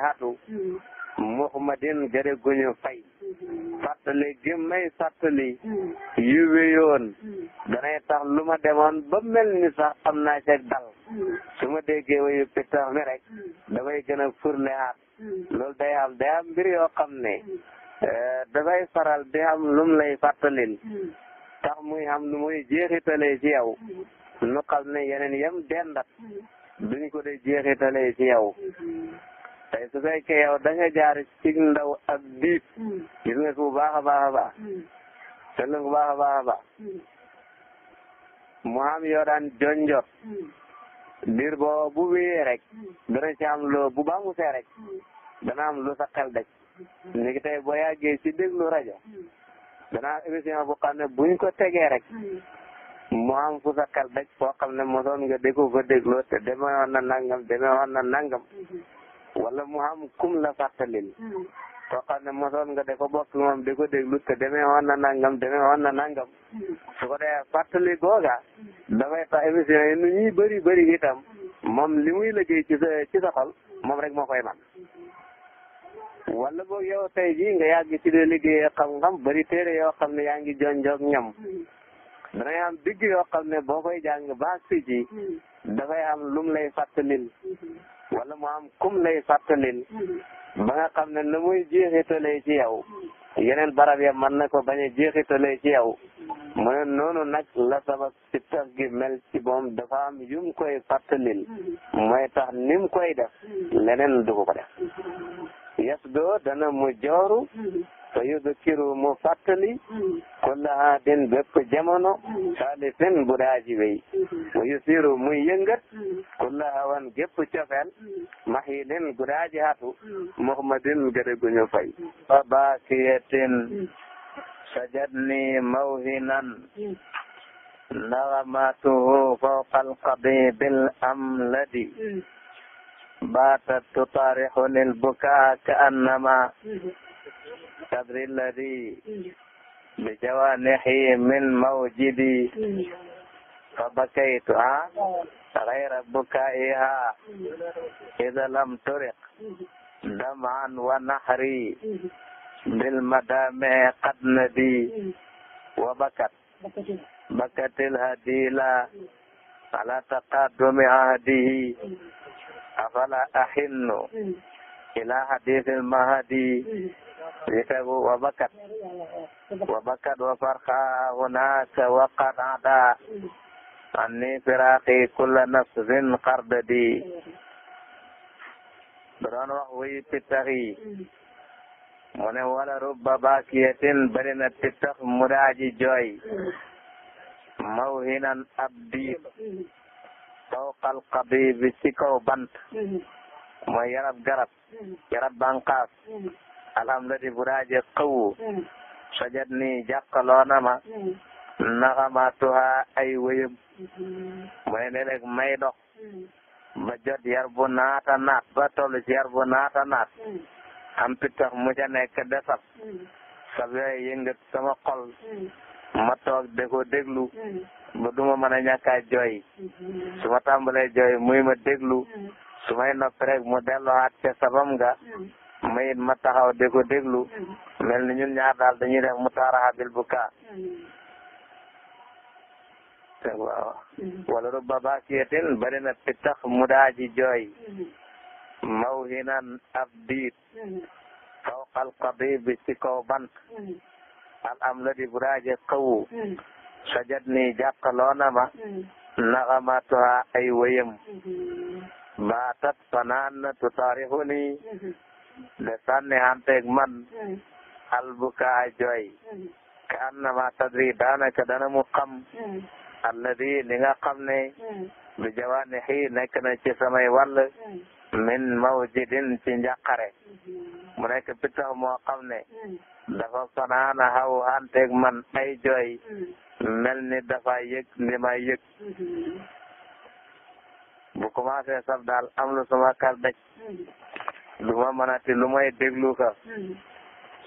muhammadin gare guñu fay mm-hmm. fàttali gi may fàttali mm-hmm. yu wéyoon mm-hmm. danay tax lu ma demoon ba mel ni sax xam naa ca dal su ma déggee wayu pittax mi rek damay gën a furle aat loolu day am day am mbir yoo xam ne eh, dafay faral di am lum lay fàttalin tax muy am lu muy jeexitalee ci yow nu xam ne yeneen yam dendat duñ ko dee jeexitalee ci yow tey su fekkee yow da nga jaar ci ndaw ak diib bu baax a baax a baax baax mu am yoo daan jonjor biir bu wéyee rek dana ci am loo bu baax mu see rek am lu sa xel daj ni ki tey boo yàggee ci déglu rajo dana am émission bu xam ne buñ ko tegee rek mu am fu sa xel daj foo xam ne mosoon nga déglu ko dégloo te demewoon na nangam demewoon na nangam wala mu xam kum la fàttalil koo hmm. xam ne mosoon nga de ko bokk moom di ko déglu te demee woon na nangam demee woon na nangam hmm. su ko defee fàttali googa hmm. dafay tax émission yi nu ñuy bëri bëri itam moom li muy liggéey ci sa ci sa xol moom rek moo koy man wala boog yow tey jii nga yàgg ci dee liggéey xam-xam bëri téere yoo xam ne yaa ngi jonjoog ñam danay am digg yoo xam ne boo koy jàng baax si ji dafay am lum lay fàttalil wala mu am kum lay fàttalil ba nga xam ne na muy jeexitalee ci yow yeneen barab ya mën na ko bañ a jeexitalee ci yow mu ne noonu nag la sabab si tax gi mel ci moom dafa am yum koy fàttalil mooy tax ni mu koy def leneen du ko ko def yes doo dana mu jooru fa yudkiru mu fàttali mm-hmm. kulla haadin bépp jamono mm-hmm. saalisin bu daaji wey mm-hmm. wa yusiru muy yëngat kulla hawan gépp cofeel mahilin gu daaji hatu muhammadin gëre gu ñu fay fa baakiyatin sajadni mawhinan nagamatuhu fawqa alqadibil amladi baatat tutarixuni albukaa ka annama قدر الذي بجوانحي من موجدي فبكيت غير بكائها إذا لم ترق دمعا ونحري بالمدامع قد ندي وبكت بكت الهديلة على تقدم عهده أفلا أحن إلى حديث المهدي li tegu wa bakkat wa bakkat wa farxa hunaka wa qad ada anni firaqi kulla nafsin qardadi doon wax wuy pittax yi mu rubba bakiyatin bari na pittax mu daaji jooy mawhinan ab diib fawqal qadibi ci yarab garab yarab banqaas alhamdulilah buraaje qawu. Hmm. sajad ni jàqaloona ma. Hmm. naxamaatuha ay wéyam. Hmm. mooy ne may dox. ba jot yar bu naata naat ba toll ci yar bu naata naat. am pitax mu ca nekk desab. sab yooyu yëngat sama xol. ma toog de ko déglu. ba ma mën a ñàkk a jooy. su ma tàmbalee jooy muy ma déglu. su may noppi rek mu delluwaat ca sabam nga. mayit ma taxaw di ko déglu mel ni ñun ñaar daal dañuy def mu taaraxa bil bu kaa waaw wala rubba bakiyatin bari na pitax mu daaji jooy mawhinan ab diit fawqal qadibi ci kaw bant al am la di bu daaje xawu sajat ni jàqaloona ma naxamatuha ay wëyam baatat fanaan tu taarixu ni de sànni hanteeg man albukaa jooy ka annama tadri daanaka dana mu xam di li nga xam ne bi jawaanihi nekk na ci samay wàll min mawjidin ci njàqare mm-hmm. mu nekk pitax moo xam ne dafa fanaana xaw hanteeg man ay jooy mel ni dafa yëg li may yëg mm-hmm. bu commencé sab daal am lu sama kar daj du ma mën a ti lu may déglu ka hmm.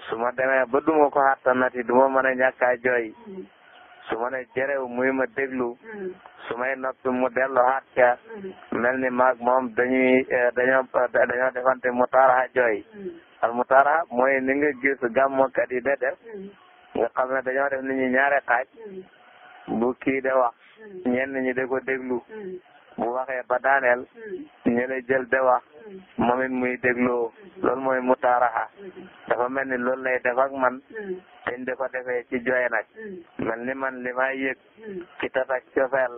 su ma demee ba du ma ko xattanati du ma mën a ñàkk a jooy hmm. su ma ne jërew muy ma déglu hmm. su may noppi mu dellu xaat ca mel ni maag moom dañuy eh, dañoo eh, dañoo defante mu taaraxa jooy al mu taaraxa mooy ni nga gis gàmmokat yi de def nga xam ne dañoo def ni ñu ñaare xaaj bu kii de wax ñenn ñi de ko déglu bu waxee ba daaneel ñële jël de wax moom it muy dégloo loolu mooy mutaaraxa dafa mel ni loolu lay def ak man dañ di defee ci jooy nag ni man li may yëg ci tat ak cofeel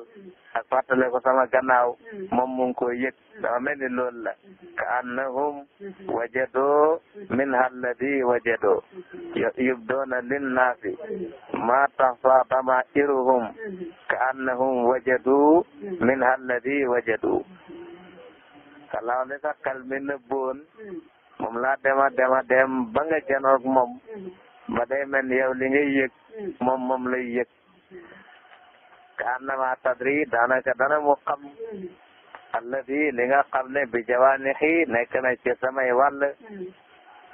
ko sama gannaaw moom mu ngi yëg dafa mel ni loolu la ka annahum wajadoo min halladi wajadoo yubdoona linnaasi ma taxfa damairuhum ka annahum wajadoo min halladi wajadoo kalaaw li sa xel mi nëbboon moom laa dema dema dem ba nga moom ba day mel ni yow li ngay yëg moom moom lay yëg ka annama tadri daanaka dana mu xam alladi li nga xam ne bi jawaanixi nekk na ci samay wàll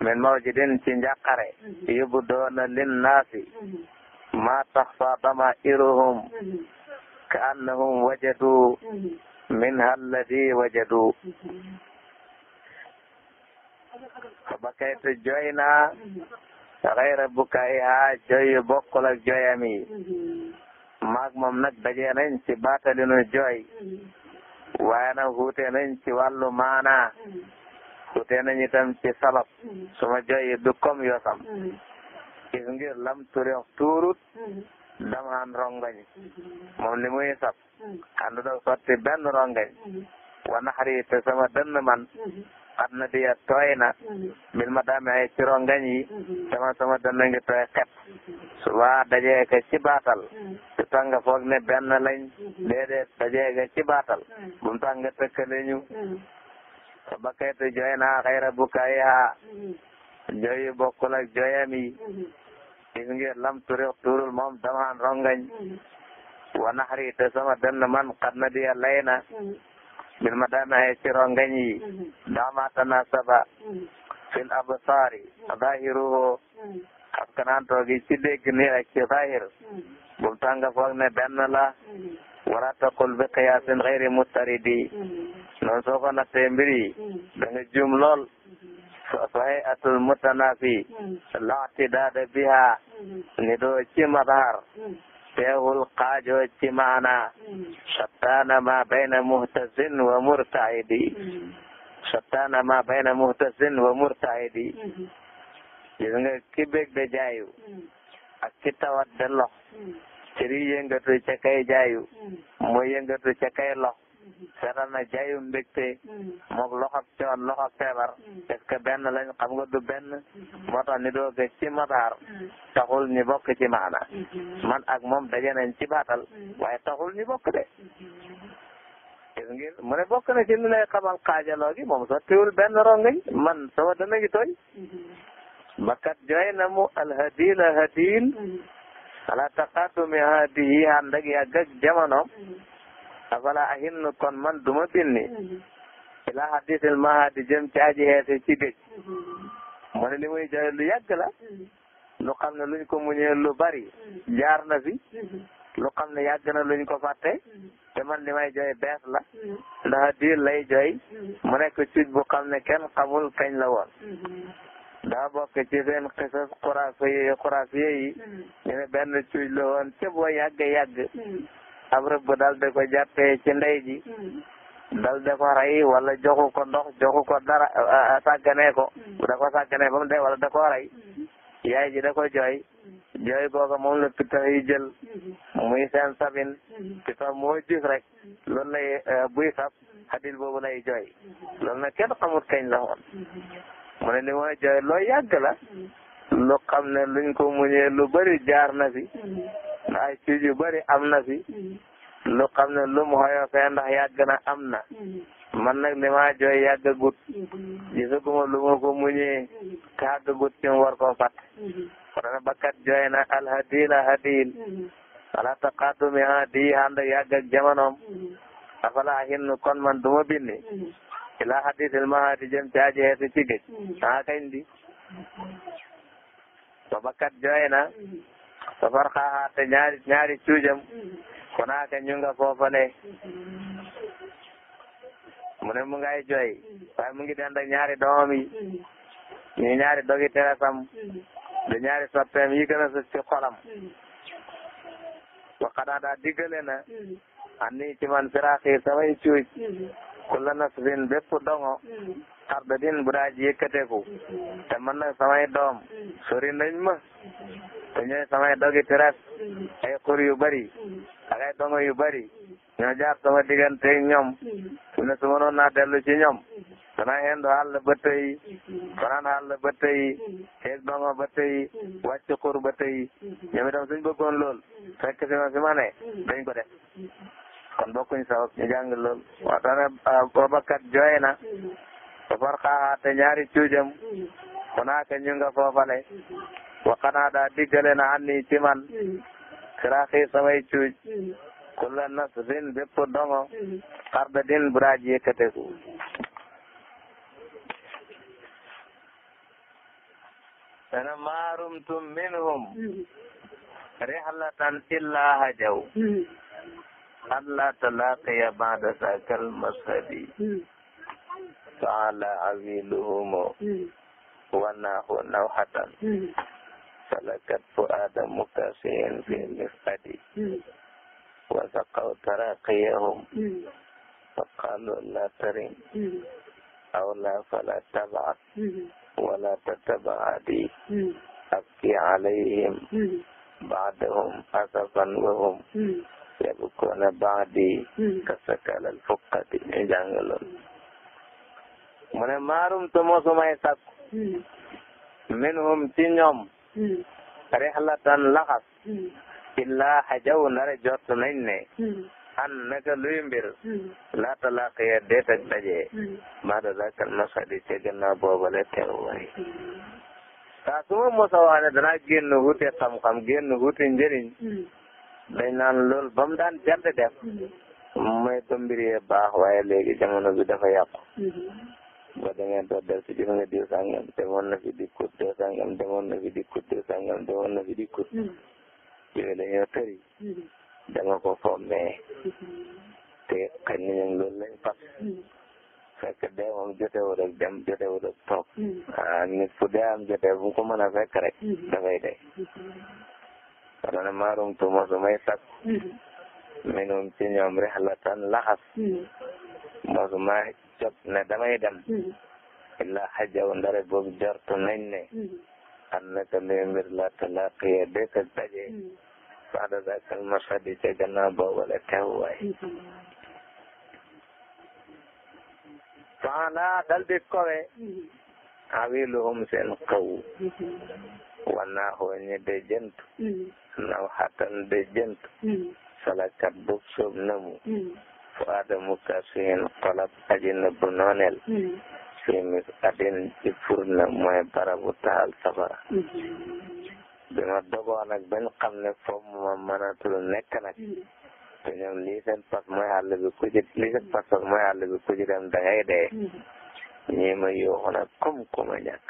min mawjidin ci njàqare yóbbu doona linnaasi ma tax fa dama iruhum ka annahum wajadu minha alladi wajadu bakaytu jooy naa xayra bukaayiha jooy yu bokkul ak jooyam yi maag moom nag dajee nañ ci baatalinu jooy waaye nag xuute nañ ci wàllu maanaa xuute nañ itam ci sabab suma jooy yi du kom yoosam gis ngir lam tureex tuurut dam han rongoñ moom li muy sab ànd ak sotti benn rongañ wana xarit sama dënn man xat na di tooy na mil ma daame ay ci rongañ yi sama sama dënn ngi tooy xet suba dajee ka ci baatal su nga foog ne benn lañ déedéet dajee ka ci baatal mu tax nga tëkkale ñu kay te jooy naa xayra bu kayi haa jooy yu bokkul ak jooyam yi gis ngeen lam turi turul moom damaan rongañ wa naxari te sama dënn man xat na di lay na mm-hmm. bil ci rongañ yi mm-hmm. tanasaba mm-hmm. fil absaari zahiruhu askanantoo gi ni ak ci zahir bul tànga foog ne benn la wala taqul bi qiyaasin xayri mustaridi noonu soo ko nattee mbir yi da nga juum lool fa mutanafi la tidaada biha ni doo ci mazhar teewul xaajoo ci maana shattaana ma bayna muhtazin wa murtaidi shattaana ma bayna muhtazin wa murtaidi gis nga ki bég de jaayu ak ki tawat de lox cëri yëngatu ca kay jaayu mooy yëngatu ca sa na jaayu mbégte mook loxo coon loxo feebar est-ce que benn lañ du benn moo tax ni doo gis ci mataar taxul ñu bokk ci maana man ak moom daje nañ ci baatal waaye taxul ni bokk de gis ngeen mu ne bokk na ci lu lay xamal xaajaloo gi moom sottiwul benn man sama dana ngi tooy bakat jooy na mu alhadiila hadiil ala taqaatumi hadiyi ànd ak yàgg ak jamono afala ahinnu kon man duma binni ila hadisil mahadi jëm ci aji heete ci dëj mhm. mu li muy jawe lu yàgg la mhm. lu xam ne luñ ko muñee lu bari mhm. jaar na fi lu xam ne yàgg na luñ ko fàtte te man li may jooy bees la ndax diir lay jooy mu nekk cuuj bu xam ne kenn xamul kañ la woon daa bokk ci seen xisas xuraafiye yi xuraafiye yi ñu ne benn cuuj la woon ca boo yàgg yàgg ab bu dal de ko jàppee ci ndey ji hmm. dal de ko rey wala joxu ko ndox joxu ko dara sàgganee ko bu hmm. ko sàgganee ba mu dee wala da ko rey hmm. yaay ji da ko jooy jooy googa moom la pittax yi jël muy seen sabin pittax moo gis rek loolu lay buy sab xadil boobu lay jooy loolu nag kenn xamut kañ la woon mu ne li mooy jooy loo yàgg la lu xam ne luñ ko muñee lu bëri jaar na fi ay cuuj yu bari am na fi mm-hmm. lu ne lu mu xoyofee ndax na am na mm-hmm. man nag li ma jooy yàggagut mm-hmm. gisaguma lu ma ko muñee te àggagut ci war koo fàtte bakkat jooy na alhadila hadil ala taqaddumi ha di ànd ak yàgg ak jamonoom afala hinnu kon man duma binni ila hadisil mahadi jëm ci aji heesu ci géej aa kañ di ba bakkat jooy na safar xaaxaat te ñaari ñaari cuujam konaake ñu nga foofale mu ne mu ngay jooy waaye mu ngi dend ak ñaari doom yi ñu ñaari dogi ñaari soppeem yi gën a sës ci xolam waxadaa daa diggale na an nii ci man firaaxi samay cuuj ku la nasrin bépp dongo xardadin bu daa ji yëkkateeku te man nag samay doom sori nañ ma te ñooy samay dogi tiras ay xur yu bari ak dongo yu bari ñoo jaar sama diggante ñoom su ne su mënoon naa dellu ci ñoom ba tey fanaan àll ba tey xeeg dongo ba tey wàcc ba tey ñoom itam suñ bëggoon lool fekk si ma si ma ne ko def kon bokkuñ sabab ñu jàng lool waxtaan Ababacar jooy na te farxaaxaa te ñaari cuujam xunaaka ñu nga foofale waxanaa daa diggale anni ci man xiraaxi samay cuuj kulla nasrin bépp dongo xarda din buraaj yëkkateku ana maarumtum minhum rihlatan illa hajaw an la talaqiya baada sakal mashadi saala awiluhumu wanahu nawhatan salakat fuada mukasihin fi mifadi wasaqaw taraqiyahum faqalu la tarim aw la fala tabaat wala tatabaadi abki alayhim baadahum asafan wahum yabkuna baadi kasakal alfuqati ñu jàngaloon mu ne maarum te mosumay sàkk minhum ci ñoom rexlatan laxas illaa xajaw ndare jot nañ ne an naka luy mbir laata laaqiya déet ak daje baada zakal masadi ca gannaaw boobale teew wari saa su ma mosa wax ne danaa génn wuti xam-xam génn wuti njëriñ dañ naan loolu ba mu daan jant def mooy ba mbir yee baax waaye léegi jamono bi dafa yàqu boo demee doo del si jëf nga diw sàngam demoon na fi dikkut diw sàngam demoon na fi dikkut diw sàngam demoon na fi dikkut hmm. yooyu dañoo tëri hmm. danga ko fommee te xëy na ñoom loolu lañ fas hmm. fekk dee moom jotewul ak dem jotewul ak toog ah nit fu dee jote bu ko mën a fekk rek dafay dee wala ne maarum tuma su may sakku minum ci ñoom rexlatan laxas mosuma jot ne damay dem hmm. illaa xajaw ndare boobu jortu nañ ne hmm. an naka luy mbir la talaqiya dëkk ak daje hmm. baada zakal masadi ca gannaaw boobu la teewaay faala dal di kowe awiluhum seen kaw wannaa xoo ñi de jënt naw xatan de jënt salakat bub soob namu fu adamu kasihin xolab aji nëbbu nooneel fii hmm. mis adin ci furna mooy barabu taal safara hmm. bi ma dogoo nag bañ xam ne foofu ma mënatul nekk nag hmm. te ñoom lii seen pas mooy àll bi ku ci lii seen pas pas mooy bi ku ci dem da ngay dee ñii ma yooxu nag comme ku ma ñàkk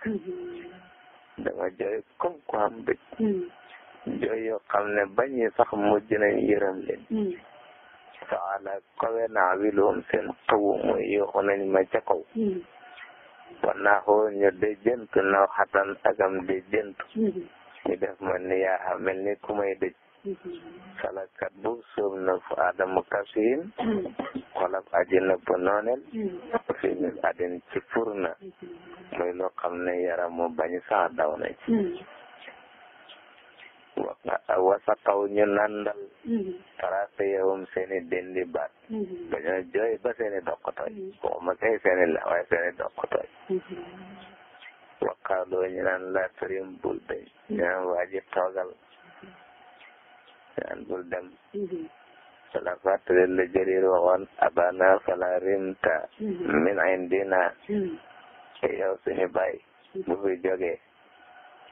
dama jooy comme ku am dëj jooy yoo xam ne bañ yi sax mujj nañ yërëm leen taala kawe naa wiloom seen xawu muy yóoxu nañ ma ca kaw hmm. wannaa xoo ñu dëjjantu naw xatan agam dëjjantu hmm. ñu def ma ni yaaxa ni ku may dëj hmm. salakat bu sóob na fu aadamu kasiin xolab aji nëbb noonel fi min adin ci furna muy loo xam ne yaramu bañ sax daw na ci wasaqaw ñu nandal mm-hmm. taraasiyahum seeni dendi baat mm-hmm. dañoo jooy ba seeni doq tooy mm-hmm. waxuma kay seeni la waaye seeni doq tooy waqaaloo ñu naan laa tërim bul deñ ñu naan waa ji toogal ñu naan bul dem fala fàttali la jëriir waxoon abana fala rimta min indina yow suñu bàyyi bu fi jógee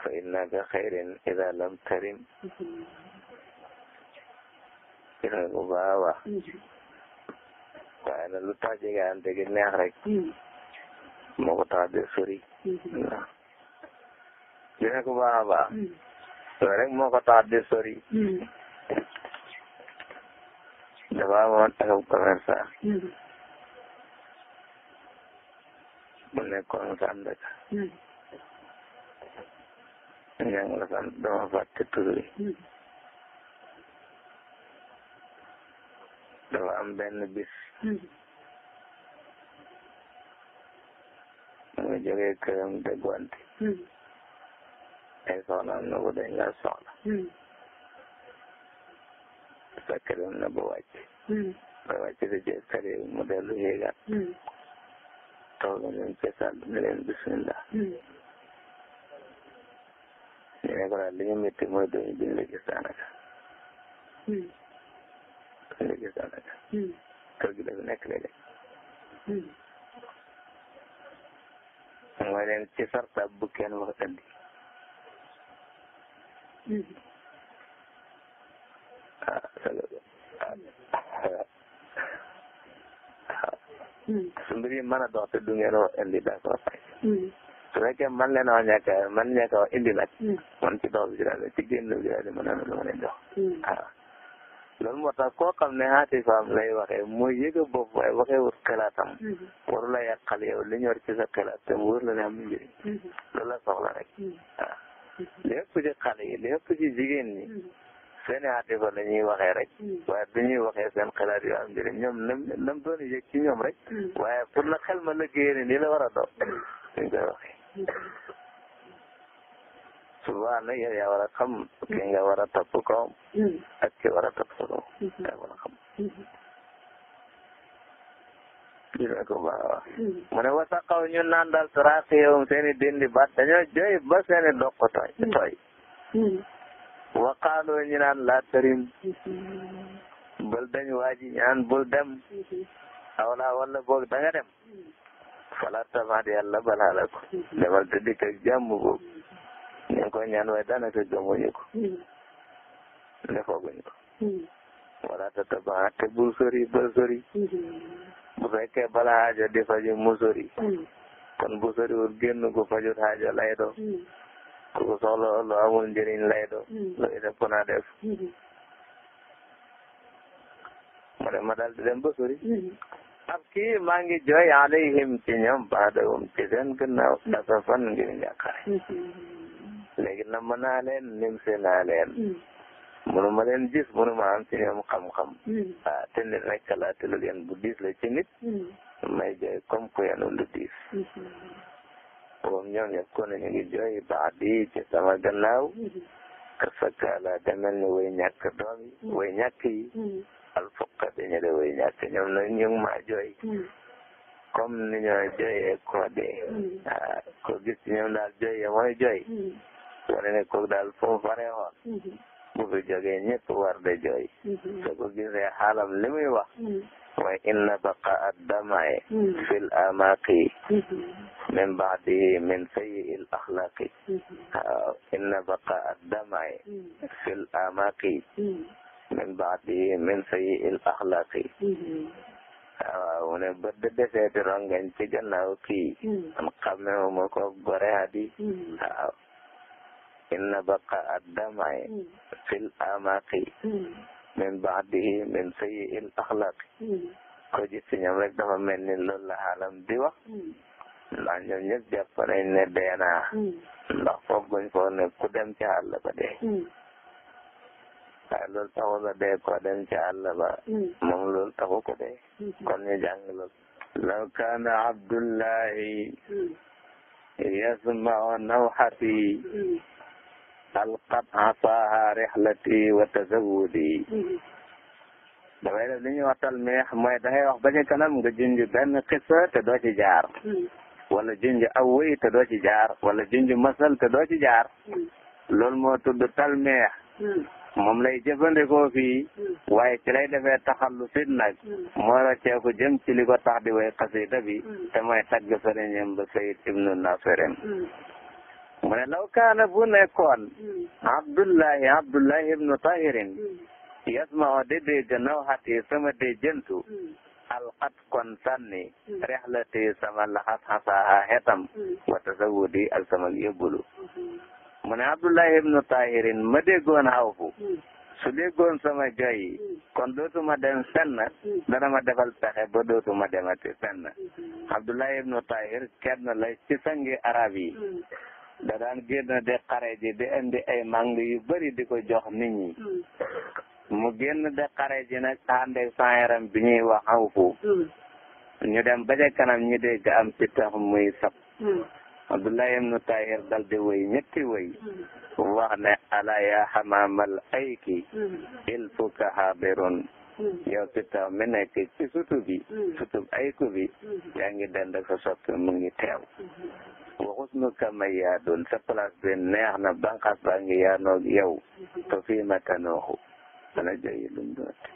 fa innaka xayrin ida lam tarim gis nga bu baax a baax waaye nag lu tax jegaante gi neex rek moo ko tax de sori gis nga bu baax a baax loolu rek moo ko tax de sori dafa amoon akam commerçant mu nekkoon Ndiang la sant dama fàtte tur wi dafa am benn bis mu jógee këram dëggwante ay soxnaam na ko dañ la soxla fekk dem na ba wàcc ba wàcc da jël kare mu dellu yéegaat toog na leen ca sàll ne leen ñu ne ko daal li ñu métti mooy doo ñu bind gis daanaka. bind gis daanaka. kër gi dafa nekk léeg-léeg. Hmm. mooy leen ci sarta bu kenn wax andi. Hmm. ah hmm. su mbir yi mën a dox te du ngeen wax andi d'accord. su fekkee man leen a ñàkk man ñàkk a indi nag. Hmm. man ci dox bi jëlaat ci génn bi jëlaat ma ne ma leen jox. waaw hmm. ah. loolu moo tax koo xam ne xaatifaam lay waxee mooy yëg a bopp waaye waxee wut xalaatam. Hmm. waru la yàqal yow li ñor ci sa xalaat te mu wër la ne am njëriñ. loolu la soxla rek. waaw ah. li ëpp ci xale yi li ëpp ci jigéen ñi. seeni xaatifa la ñuy waxee rek. waaye du ñuy waxee seen xalaat yu am njëriñ ñoom nam nam doon yëg ci ñoom rek. waaye pour la xel ma liggéeyee nii la war a do suba nag yow yaa war a xam ki hmm. nga war a topp koom hmm. ak ki war a topp sa koom hmm. yaa war a xam mu ne wasaqaw ñu naan daal taraaqi yowum seen i dindi baat dañoo jooy ba seen i doq tooy tooy ñu naan laa tërim bul da falaat tabax yàlla balaa ko. demal te dikk ak jàmm boobu. ñu ngi koy ñaan waaye daanaka gëmuñu ko. defooguñu ko. wala te te bul sori ba sori. bu fekkee balaa aajo di faju mu sori. kon bu soriwul génn gu fajut aajo lay do. ko soxla lu amul njëriñ lay do. loolu itam ku naa def. ne ma daal di dem kii maa um mm-hmm. mm-hmm. mm-hmm. ah, ngi jooy alayhim ci ñoom baadawum ci seen gannaaw dafa fan ngir njàqare léegi na mën naa leen nimse naa leen mënu ma leen gis mënu ma am ci ñoom xam-xam ah te nit rek laa leen bu diis la ci nit may jooy comme ku yenu lu diis moom ñoom ñëpp kon ñu ngi baadi ci sama gannaaw ka sakala demel ni way ñàkk doom yi yi alfuqat ñu de way ñàkk ñoom nag ñu ngi maa jooy mm. ni ñoo jooyee koo mm. ah, ko gis ñoom daal jooy ya mooy jooy mm. wane ne ko daal foo faree woon mm-hmm. bu fi jógee ñëpp war de jooy mm-hmm. te ko gisee xaalam li muy wax mooy inna baqa addamae fil amaqi mm-hmm. min baadihi min sayyi l axlaqi waaw ah, inna baqa addamae fil amaqi min baadi min sayyi'il axlaaqi waaw mu ne bët de deseeti rongañ ci gannaaw kii man xamee ma ko gore hadi waaw inna baqa addamay fil amaqi min baadihi min sayyi'il axlaaqi ko gis ci ñoom rek dafa mel ni loolu la xaalam di wax ndax ñoom ñëpp jàpp ne dee naa ndax foog guñ foog ne ku dem ci àll ba dee loolu taxul nga dee ko dem ca àll ba hmm. moom loolu taxu ko dee hmm. kon ñu jàng loolu law kaana abdullahi hmm. yasmau nawxati alqat asaaha rixlati wa tazawudi dafay def li ñuy wax talmeex mooy dangay wax ba ci kanam nga junj benn xisa te doo ci jaar wala junj aw wëy te doo jar wala junj masal te doo ci jaar loolu moo tudd talmeex moom lay jëfandikoo fii hmm. waaye ci lay defee taxallu fit nag hmm. mooy rocceeku jëm ci li ko tax di way xasida bi hmm. te mooy tagg sëriñam ba sayid ibnu nasirin mu law kaana bu nekkoon abdullahi abdullahi ibnu tahirin yasmao di dégg naw xati sama dee jëntu alxat kon sànni rexlati sama laxas xasaaxa xetam wa tasawudi ak sama yóbbulu mu ne Abdullahi ibnu Tahirin ma déggoon Awfu su déggoon sama jooy yi kon dootuma dem fenn dana ma defal pexe ba dootuma demati fenn Abdullahi ibnu Tahir kenn la ci sangi arab yi da daan génn di xare ji di indi ay màng yu bari di ko jox ni ñi mu génn di xare ji nag àndeeg sans yaram bi ñuy wax Awfu hmm. ñu dem ba ca kanam ñi dégg am ci tax muy sab hmm. Abdullahi ibnu Tahir dal di wéy ñetti wéy wax ne ala ya xamaamal ayki hmm. il fuka xaabirun hmm. yow pitta mi nekk ci sutu bi hmm. sutub bi yaa ngi dend ak sa soppe mu ngi waxus nu kama yaa doon sa place bi neex na banqaas baa ngi yaanoog yow to fii ma tanooxu dana joyi lum doote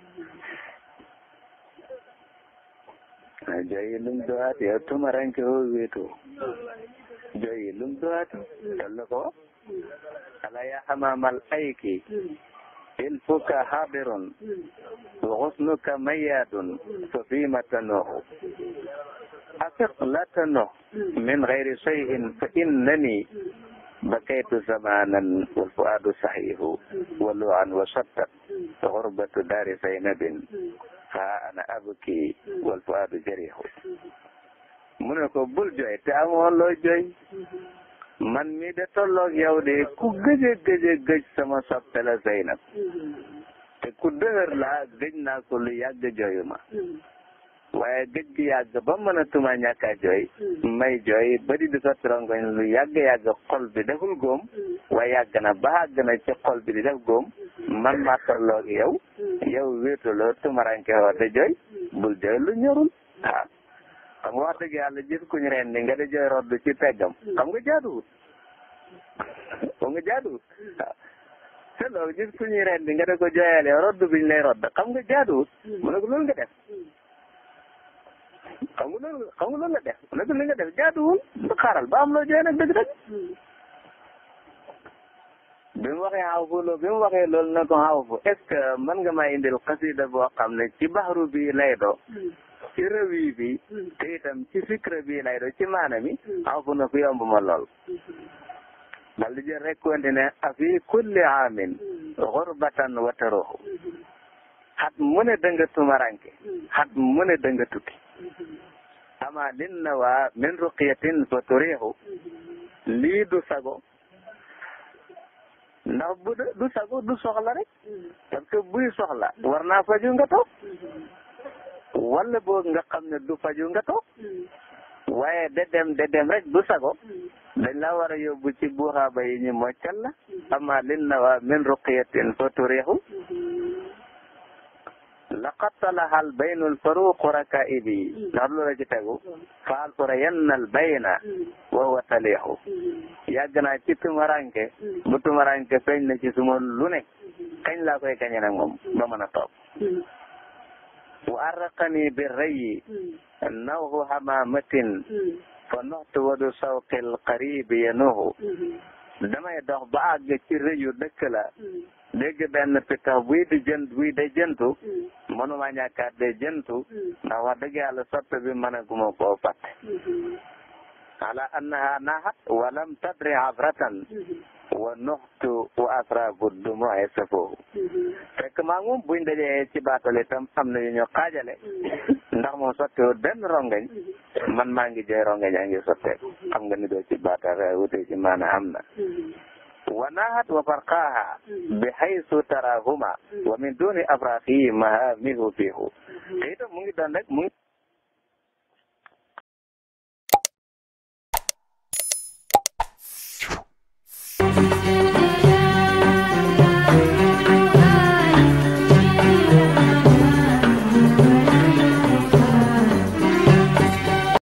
dana joyi lum doote yow tumaranke hoo wéetoo joy lum doyati dal na ko ala ya hamamal ayki ilfuka hadirun wa husnuka mayyadun safima tanohu afiq la tanoh min gayri shay'in fa innani bakaytu zamanan wal fuadu sahihu walu an wa shattat gurbatu dari zainabin fa ana abki wal fuadu jarihu mu ne ko bul jooy te amoo loo jooy man mi de tolloog yow de ku gëj a gëj sama soppe la Zeynab te ku dëgër laa gëj naa ko lu yàgg jooyu waaye gëj gi yàgg ba mën a tuma ñàkk a jooy may jooy ba di di ko trongoñ lu yàgg yàgg xol bi deful góom waaye na ba àgg na ci xol bi di def góom man maa tolloog yow yow wéetuloo tumaranke woo te jooy bul jooy lu ñorul waaw ah. xam nga wax dëgg yàlla gis ku ñu rendi nga di jooy rodd ci peggam xam nga jaaduwut xam nga jaaduwut waaw te loolu gis ku ñuy rendi nga di ko jooyale rodd biñ lay rodd xam nga jaaduwut mu ne ko loolu nga def xam nga loolu xam nga loolu la def mu ne ko li nga def jaaduwul xaaral ba am loo jooy nag dëgg dëgg bi mu waxee xaw fu bi mu waxee loolu ko xaw fu est ce nga maa indil xasida boo xam ne ci baxru bi lay doo ci rëwi bi te itam ci fikra bi maana mi hmm. aw fu na ku yomb ma lool dal hmm. di jël rek continué kulli aamin xurbatan hmm. wa taruhu xat mu ne danga tumaranke xat mu ne ama lin na waa min ruqiyatin fa turihu lii du sago ndax bu du sago du soxla rek parce buy soxla war naa faju nga wala boog nga xam ne du faju nga toog hmm. waaye de dem rek du sago hmm. dañ la war a yóbbu ci buuxaaba yi ñu moccal la hmm. ama lin na waa min ruqiyatin fa turixu laqad talahal baynul faruqu rakaibi ndax loola ci tegu faal pour yennal bayna wa huwa talixu yàgg naa ci tumaranke bu tumaranke feeñ na ci suma lu ne kañ laa koy kañe nag moom ba mën a toog wa arraqani bi rayyi nawhu hamamatin fa noxtu wadu sawqil qaribi yanuhu damay dox ba àgg ci rëyu dëkk la dégg benn pitax buy di jënt buy de jëntu mënuma ñàkkaat de jëntu ndax wax dëgg yàlla soppe bi mën a guma koo fàtte ala annaha nahat walam tadri abratan wa nuxtu wa asraabu dumuhi safoo fekk maa moom buñ dajee ci baatale tam am na yu ñu xaajale ndax moom sottiwul benn rongañ man maa ngi jooy rongañ a ngi sotteeku xam nga ni doo ci baatale wutee ci maana am na وناهت وفرقاها بحيث تراهما ومن دون أفراقهما هامه فيه.